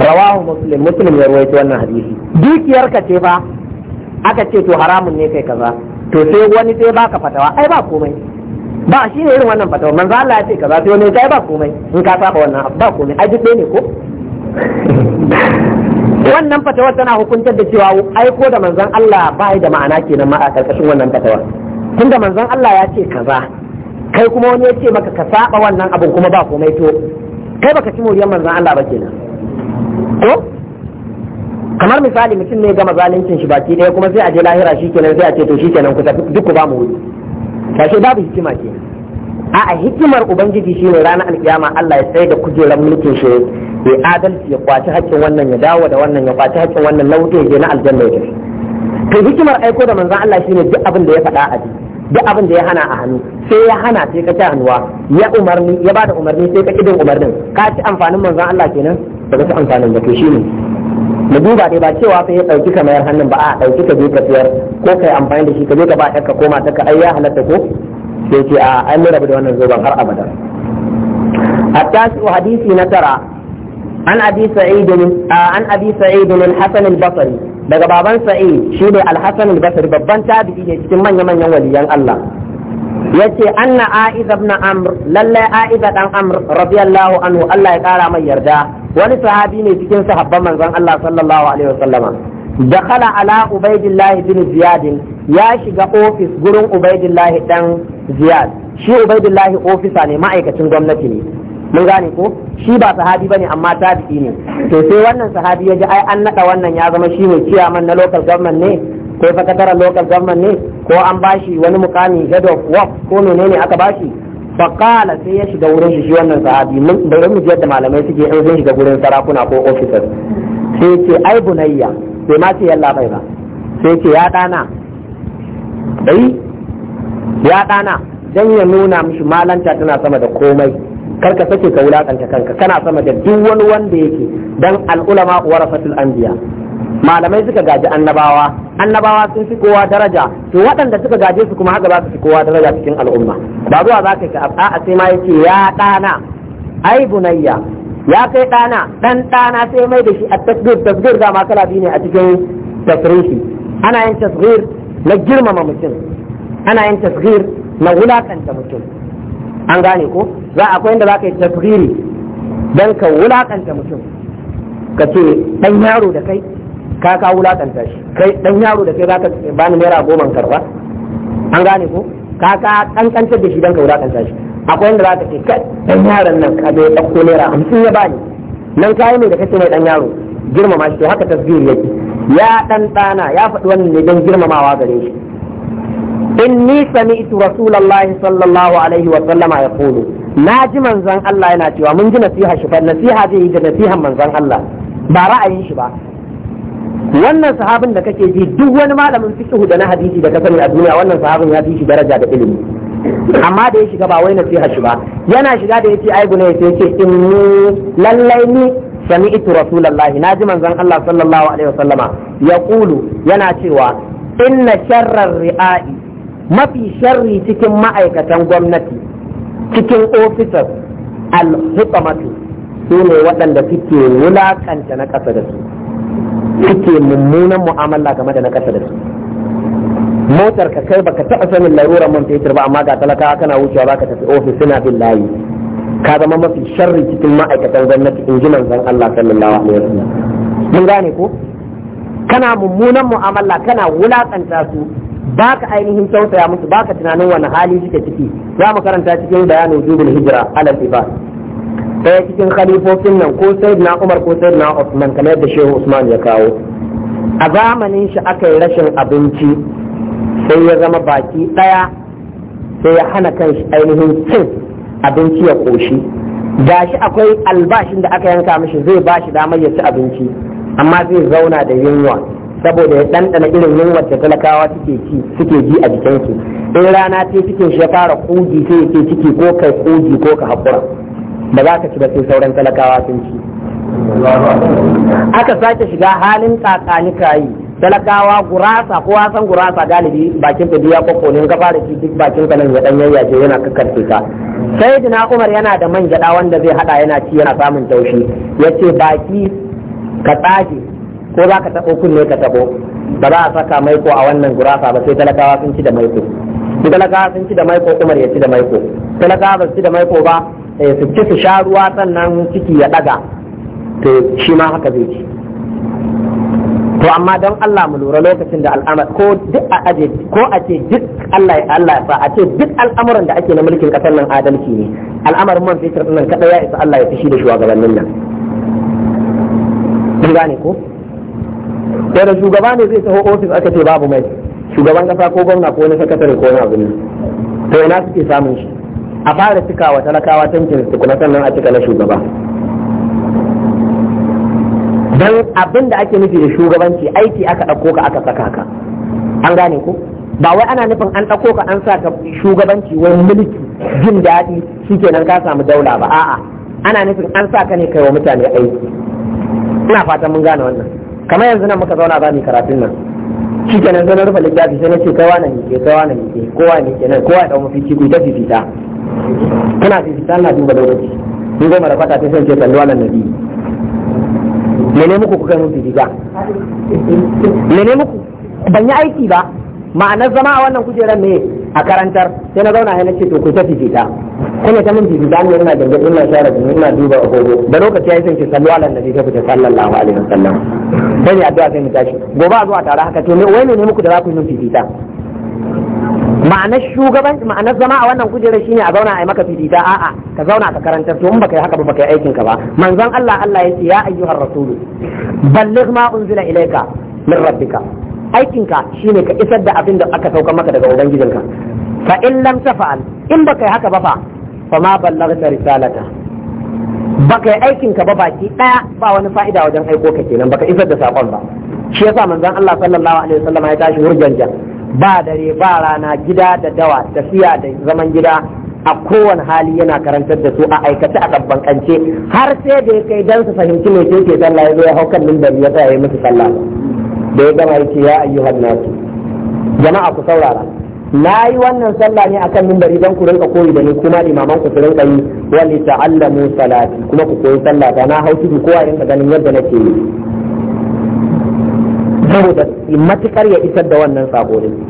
rawahu muslim muslim ya rawaito wannan hadisi dukiyar ka ce ba aka ce to haramun ne kai kaza to sai wani sai baka fatawa ai ba komai ba shi ne irin wannan fatawa manzo Allah ya ce kaza sai wani ya ba komai in ka saba wannan ba komai ai duk ne ko wannan fatawar tana hukuntar da cewa aiko da manzon Allah ba da ma'ana kenan ma a karkashin wannan fatawar tunda manzon Allah ya ce kaza kai kuma wani ya ce maka ka saba wannan abin kuma ba komai to kai baka ci moriyar manzon Allah ba kenan ko kamar misali mutum ne gama zalincin shi baki ɗaya kuma sai a je lahira shi kenan sai a ce to shi kenan ku tafi duk ku ba mu wuri kashe babu hikima ke a hikimar ubangiji shine ranar alkiyama Allah ya tsaye da kujerar mulkin shi ya adalci ya kwaci haƙƙin wannan ya dawo da wannan ya kwaci haƙƙin wannan na ya je na aljanna ya tafi to hikimar aiko da manzon Allah shine duk abin da ya faɗa a ji duk abin da ya hana a hannu sai ya hana sai ka ci hannuwa ya umarni ya bada umarni sai ka kidin umarnin ka ci amfanin manzon Allah kenan ba ka ci amfanin da to shine mu duba dai ba cewa fa ya dauki ka mayar hannun ba a dauki ka je ka siyar ko kai amfani da shi ka je ka ba ɗanka ko matarka ai ya halatta ko sai ce a an rabu da wannan zoben har abada التاسع حديث نترى عن ابي سعيد عن ابي سعيد الحسن البصري daga baban sa'id shine al-hasan al-basri babban tabi'i ne cikin manya manyan waliyan Allah yace anna a'iza ibn amr lalla a'iza dan amr radiyallahu anhu Allah ya kara mai yarda wani sahabi ne cikin sahabban manzon Allah sallallahu alaihi wasallama dakhala ala ubaidillah bin ziyad ya shiga ofis gurin ubaidillah dan ziyad shi Ubaidullahi ofisa ne ma'aikacin gwamnati ne mun gane ko shi ba sahabi bane amma tabi'i ne to sai wannan sahabi ya ji ai an nada wannan ya zama shi mai ciyaman na local government ne ko sakataren local government ne ko an bashi wani mukami head of work ko menene aka bashi faƙala sai ya shiga wurin shi wannan sahabi bari mu yadda malamai suke in zai shiga wurin sarakuna ko officers sai ce ai bunayya sai ma ce yalla bai ba sai ce ya ɗana dai ya dana dan ya nuna mishi malanta tana sama da komai karka sake ka wulakanta kanka kana sama da duk wani wanda yake dan al'ulama warasatul anbiya malamai suka gaji annabawa annabawa sun fi kowa daraja to waɗanda suka gaje su kuma haka za su fi kowa daraja cikin al'umma ba zuwa za ka yi a sai ma ce ya ɗana ai bunayya ya kai ɗana ɗan ɗana sai mai da shi a tasgir tasgir da ma kala ne a cikin tasrifi ana yin tasgir na girmama mutum ana yin tasgir na wulakanta mutum an gane ko za akwai inda za ka yi tasgiri don ka wulakanta mutum ka ce ɗan yaro da kai ka ka wulakanta shi kai dan yaro da kai zaka bani naira goma karba an gane ko ka ka kankantar da shi dan ka wulakanta shi akwai wanda zaka ce kai dan yaron nan ka bai dauko naira hamsin ya bani nan kai ne da kace mai dan yaro girmama shi haka tasbiri yake ya dan dana ya faɗi wannan ne dan girmamawa gare shi inni sami'tu rasulullahi sallallahu alaihi wa sallama yaqulu na ji manzon Allah yana cewa mun ji nasiha shi fa nasiha zai yi da nasihan manzon Allah ba ra'ayin shi ba wannan sahabin da kake ji duk wani malamin fiqh da na hadisi da ka sani a duniya wannan sahabin ya fi shi daraja da ilimi amma da ya shiga ba wai nasiha shi ba yana shiga da yace ai gune yace yace inni lallai ni sami'tu rasulullahi naji manzon Allah sallallahu alaihi wasallama yaqulu yana cewa inna sharrar ri'a'i mafi sharri cikin ma'aikatan gwamnati cikin ofisar al-hitamatu ne waɗanda suke wulakanta na ƙasa da su suke mummunan mu'amala game da na kasa da su motar ka kai baka taɓa sanin larurar man fetur ba amma ga talakawa kana wucewa baka tafi ofis suna bin layi ka zama mafi sharri cikin ma'aikatan gwamnati in ji manzon Allah sallallahu alaihi wasallam mun gane ko kana mummunan mu'amala kana wulakanta su ba ka ainihin tausaya musu ba ka tunanin wani hali suke ciki za mu karanta cikin bayanin jubin hijira alal ibad daya cikin khalifofin nan ko sai umar ko sai na usman kamar da shehu usman ya kawo a zamanin shi aka rashin abinci sai ya zama baki daya sai ya hana kanshi ainihin cin abinci ya koshi gashi akwai albashin da aka yanka mishi zai bashi damar ya ci abinci amma zai zauna da yunwa saboda ya ɗanɗana irin yunwa da talakawa suke ci suke ji a jikinsu in rana ce cikin shi ya fara kugi sai yake ciki ko kai kogi ko ka hakura ba za ka ci ba sai sauran talakawa sun ci aka sake shiga halin tsakani kayi talakawa gurasa ko wasan gurasa galibi bakin ta biya ko ne ka fara ci duk bakin ka nan ya dan ce yana kakkarce ka sai dina Umar yana da man gyaɗa, wanda zai hada yana ci yana samun taushi yace baki ka tsage ko za ka tabo kunne ka tabo ba za a saka maiko a wannan gurasa ba sai talakawa sun ci da maiko talakawa sun ci da maiko Umar ya ci da maiko talakawa ba su ci da maiko ba Eh, su ci su sha ruwa sannan ciki ya daga to shi ma haka zai ci to amma don Allah mu lura lokacin da al'amar ko duk a aje ko a ce duk Allah ya Allah ya sa a ce duk al'amuran da ake na mulkin kasar nan adalci ne al'amarin man fetur nan kada ya isa Allah ya fishi da shugabannin nan kun gane ko to da shugaba ne zai taho ofis aka ce babu mai shugaban kasa ko gwamna ko wani sakatare ko wani abu to ina suke samun shi a fara cika wa talakawa tankin tukuna sannan a cika na shugaba don abin da ake nufi da shugabanci aiki aka ɗauko ka aka saka ka an gane ku? ba wai ana nufin an ɗauko ka an sa ka shugabanci wani mulki jin daɗi shikenan ka samu daula ba a'a ana nufin an sa ka ne kai wa mutane aiki ina fatan mun gane wannan kamar yanzu nan muka zauna za mu karatun nan shikenan sai na rufe littafi sai na ce kai wani ke kai wani ke kowa ne ke nan kowa ya ɗau mafici ku ta fifita kana da ta Allah duba lokaci ni goma da fata sai ce tallo ala nabi mene muku kuka mun fitika mene muku ban yi aiki ba ma'anar zama a wannan kujerar ne a karantar sai na zauna na ce to ku ta fifita kuma ta mun fifita ne ina gangan ina shara da ina duba agogo da lokaci ya sai tallo ala nabi ta fita sallallahu alaihi wasallam sai ne addu'a sai mu tashi gobe a zuwa tare haka to ne wai ne muku da za ku yi mun fifita ma'anar shugabanci ma'anar zama a wannan kujerar shine a zauna a yi maka fifita a'a ka zauna ka karanta to in baka yi haka ba baka yi aikin ka ba manzon Allah Allah yace ya ayyuhar rasulu balligh ma unzila ilayka min rabbika aikin ka shine ka isar da abin da aka sauka maka daga ubangijinka fa in lam tafa'al in baka yi haka ba fa fa ma ballaghta risalata baka yi aikin ka ba baki daya ba wani fa'ida wajen aiko ka kenan baka isar da sakon ba shi yasa manzon Allah sallallahu alaihi wasallam ya tashi hurjan ba dare ba rana gida da dawa tafiya da zaman gida a kowane hali yana karantar da su a aikace a tabbankance har sai da ya kai dan su fahimci mai ke sallah ya zo ya hau kan mimbari ya tsaya ya musu sallah da ya gama yake ya ayyuhan nasu jama'a ku saurara na yi wannan sallah ne akan mimbari don ku rinka koyi da ni kuma limaman ku su rinka yi wani ta'allamu salati kuma ku koyi sallah ta na hau tudu kowa rinka ganin yadda nake yi saboda matukar ya isar da wannan sabonin din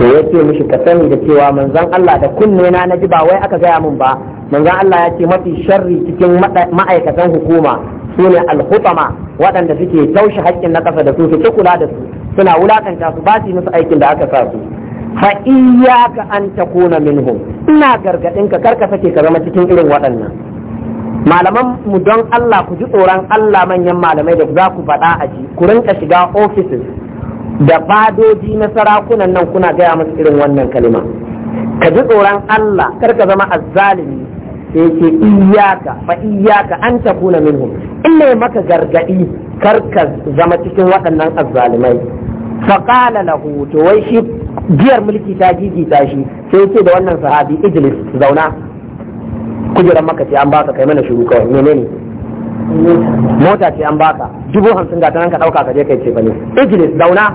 to yace mishi ka sani da cewa manzon Allah da kunne na naji ba wai aka gaya min ba manzon Allah ya ce mafi sharri cikin ma'aikatan hukuma sune al-hutama waɗanda suke taushe haƙƙin na ƙasa da su su kula da su suna wulakanta su ba su musu aikin da aka sa su fa iyyaka an takuna minhum ina gargadin ka karka sake ka zama cikin irin waɗannan malaman mu don Allah ku ji tsoron Allah manyan malamai da za ku faɗa a ji ku rinka shiga offices da fadoji na sarakunan nan kuna gaya musu irin wannan kalima ka ji tsoron Allah kar ka zama azzalimi sai ce iyaka fa iyaka an kuna minhum in maka gargadi kar ka zama cikin waɗannan azzalimai fa qala lahu to wai shi biyar mulki ta gigita shi sai ce da wannan sahabi Idris zauna kujeran maka ce an baka kai mana shiru kawai menene mota ce an baka dubu hamsin ga nan ka dauka ka je kai ce bane ijlis zauna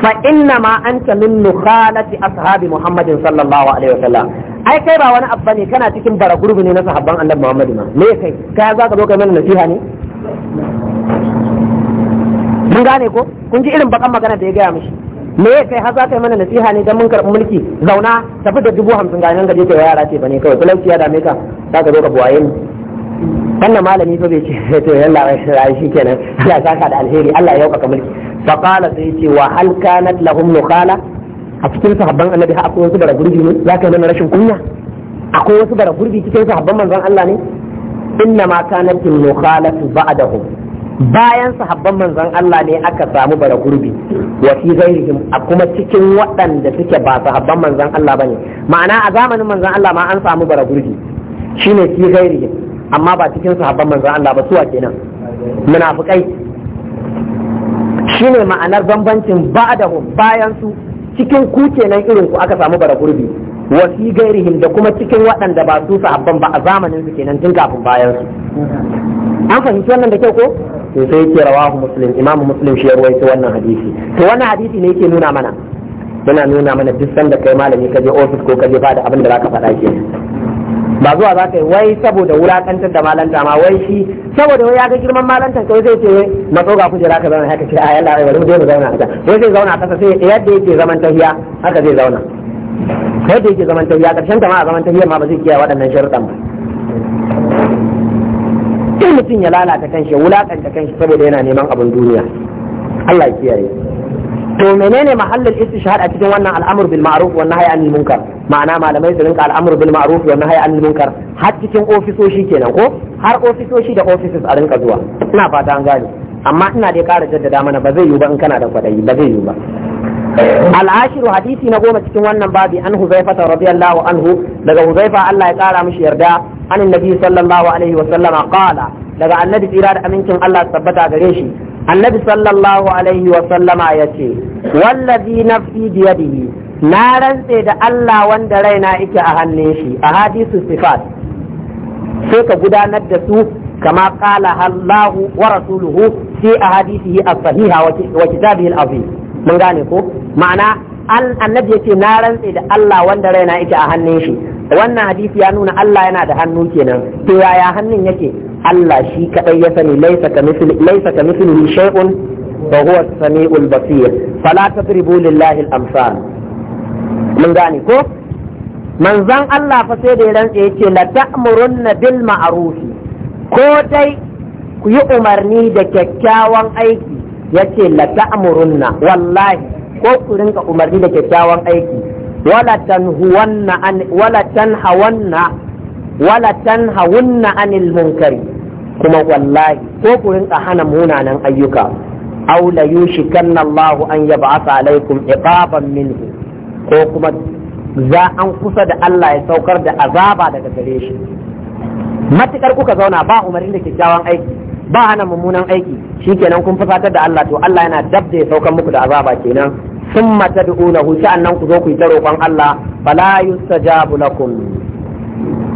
fa inna ma anta min nukhalati ashabi muhammadin sallallahu alaihi wasallam ai kai ba wani abu bane kana cikin bara gurbi ne na sahabban annabi muhammadin ma me kai kai za ka zo kai mana nasiha ne mun gane ko kun ji irin bakan magana da ya gaya mishi me ya kai haza kai mana nasiha ne don mun karɓi mulki zauna tafi da dubu hamsin ga nan gaje ka yara ce ba ne kawai talauci ya dame ka za ka zo ka buwaye ni wannan malami fa bai ce (laughs) to yalla rai shi kenan (laughs) ya saka da alheri Allah ya yauka mulki fa qala sai ce wa hal kanat lahum nukhala a cikin sahabban annabi ha akwai wasu bara gurbi ne za ka yi mana rashin kunya akwai wasu bara gurbi cikin sahabban manzon Allah ne inna ma kanat nukhalatu ba'dahum bayan sahabban manzon Allah ne aka samu bara gurbi wa fi ghairihim a kuma cikin waɗanda suke ba sahabban manzon Allah bane ma'ana a zamanin manzon Allah ma an samu bara gurbi shine fi ghairihim amma ba cikin sahabban manzon Allah ba suwa kenan munafikai shine ma'anar bambancin ba'dahum bayan su cikin ku kenan irin ku aka samu bara gurbi wa fi ghairihim da kuma cikin waɗanda ba su sahabban ba a zamanin su kenan tun kafin bayan su an fahimci wannan da kyau ko to sai yake rawahu muslim imamu muslim shi ya ruwaito wannan hadisi to wannan hadisi ne yake nuna mana yana nuna mana duk sanda kai malami ka je ofis ko ka je ba da abin da zaka faɗa ke ba zuwa za ka yi wai saboda wulakantar da malanta ma wai shi saboda wai ya ga girman malantar kai zai ce tsoga kuje za ka zauna haka ce a yalla bari mu je mu zauna haka wai zai zauna kasa sai yadda yake zaman tafiya haka zai zauna yadda yake zaman tafiya karshen ta ma a zaman tafiya ma ba zai kiyaye waɗannan sharuɗan ba mutum ya lalata kanshi ya wulakanta kanshi saboda yana neman abin duniya Allah ya kiyaye to menene mahallin istishhad a cikin wannan al'amur bil ma'ruf wa nahy anil munkar ma'ana malamai su rinka al'amur bil ma'ruf wa nahy anil munkar har cikin ofisoshi kenan ko har ofisoshi da offices a rinka zuwa ina fata an gane amma ina dai ƙara jaddada mana ba zai yiwu ba in kana da kwadayi ba zai yiwu ba al'ashiru hadisi na goma cikin wannan babi an huzaifa radiyallahu anhu daga huzaifa Allah ya ƙara mishi yarda an annabi sallallahu alaihi wa sallama daga annabi tsira da amincin Allah tabbata gare shi annabi sallallahu alaihi wa sallama ya ce wallazi nafsi biyadihi na rantse da Allah wanda raina yake a hannun shi a hadisu sifat sai ka gudanar da su kama qala Allahu wa rasuluhu fi ahadisihi as-sahiha wa kitabihi al-azim mun gane ko ma'ana annabi yace na rantse da Allah wanda raina yake a hannun shi wannan hadisi ya nuna Allah yana da hannu kenan to yaya hannun yake Allah shi kadai ya sani laisa ka mithlihi shay'un wa huwa as-sami'ul basir fala tadribu lillahi al-amsal mun gane ko manzon Allah fa sai da ya rantsa yace la ta'murunna bil ma'ruf ko dai ku yi umarni da kyakkyawan aiki yace la ta'murunna wallahi ko ku rinka umarni da kyakkyawan aiki wala tanhuwanna an wala tanhawanna wala tan hawunna anil munkari kuma wallahi ko ku rinka hana munanan ayyuka aw la yushikanna Allahu an yab'atha alaykum iqaban minhu ko kuma za an kusa da Allah ya saukar da azaba daga gare shi matukar kuka zauna ba umarni da aiki ba hana mummunan aiki shikenan kun fasatar da Allah to Allah yana dab ya saukar muku da azaba kenan summa tad'unahu sa'annan ku zo ku yi ta roƙon Allah fala yustajabu lakum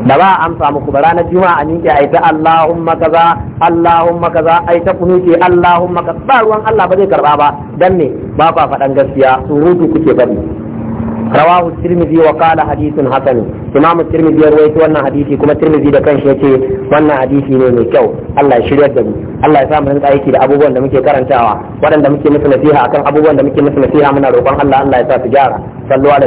da ba a amsa muku ba ranar juma'a a ke aita Allahumma kaza Allahumma kaza aita kunu ke Allahumma kaza ba ruwan Allah ba zai karba ba dan ne ba fa faɗan gaskiya surutu kuke bari rawahu tirmidhi wa qala hadithun hasan imam tirmidhi ya rawaito wannan hadisi kuma tirmidhi da kanshi yace wannan hadisi ne mai kyau Allah ya shiryar da mu Allah ya sa mu rinka aiki da abubuwan da muke karantawa waɗanda muke musu nasiha akan abubuwan da muke musu nasiha muna roƙon Allah Allah ya sa su gyara sallu ala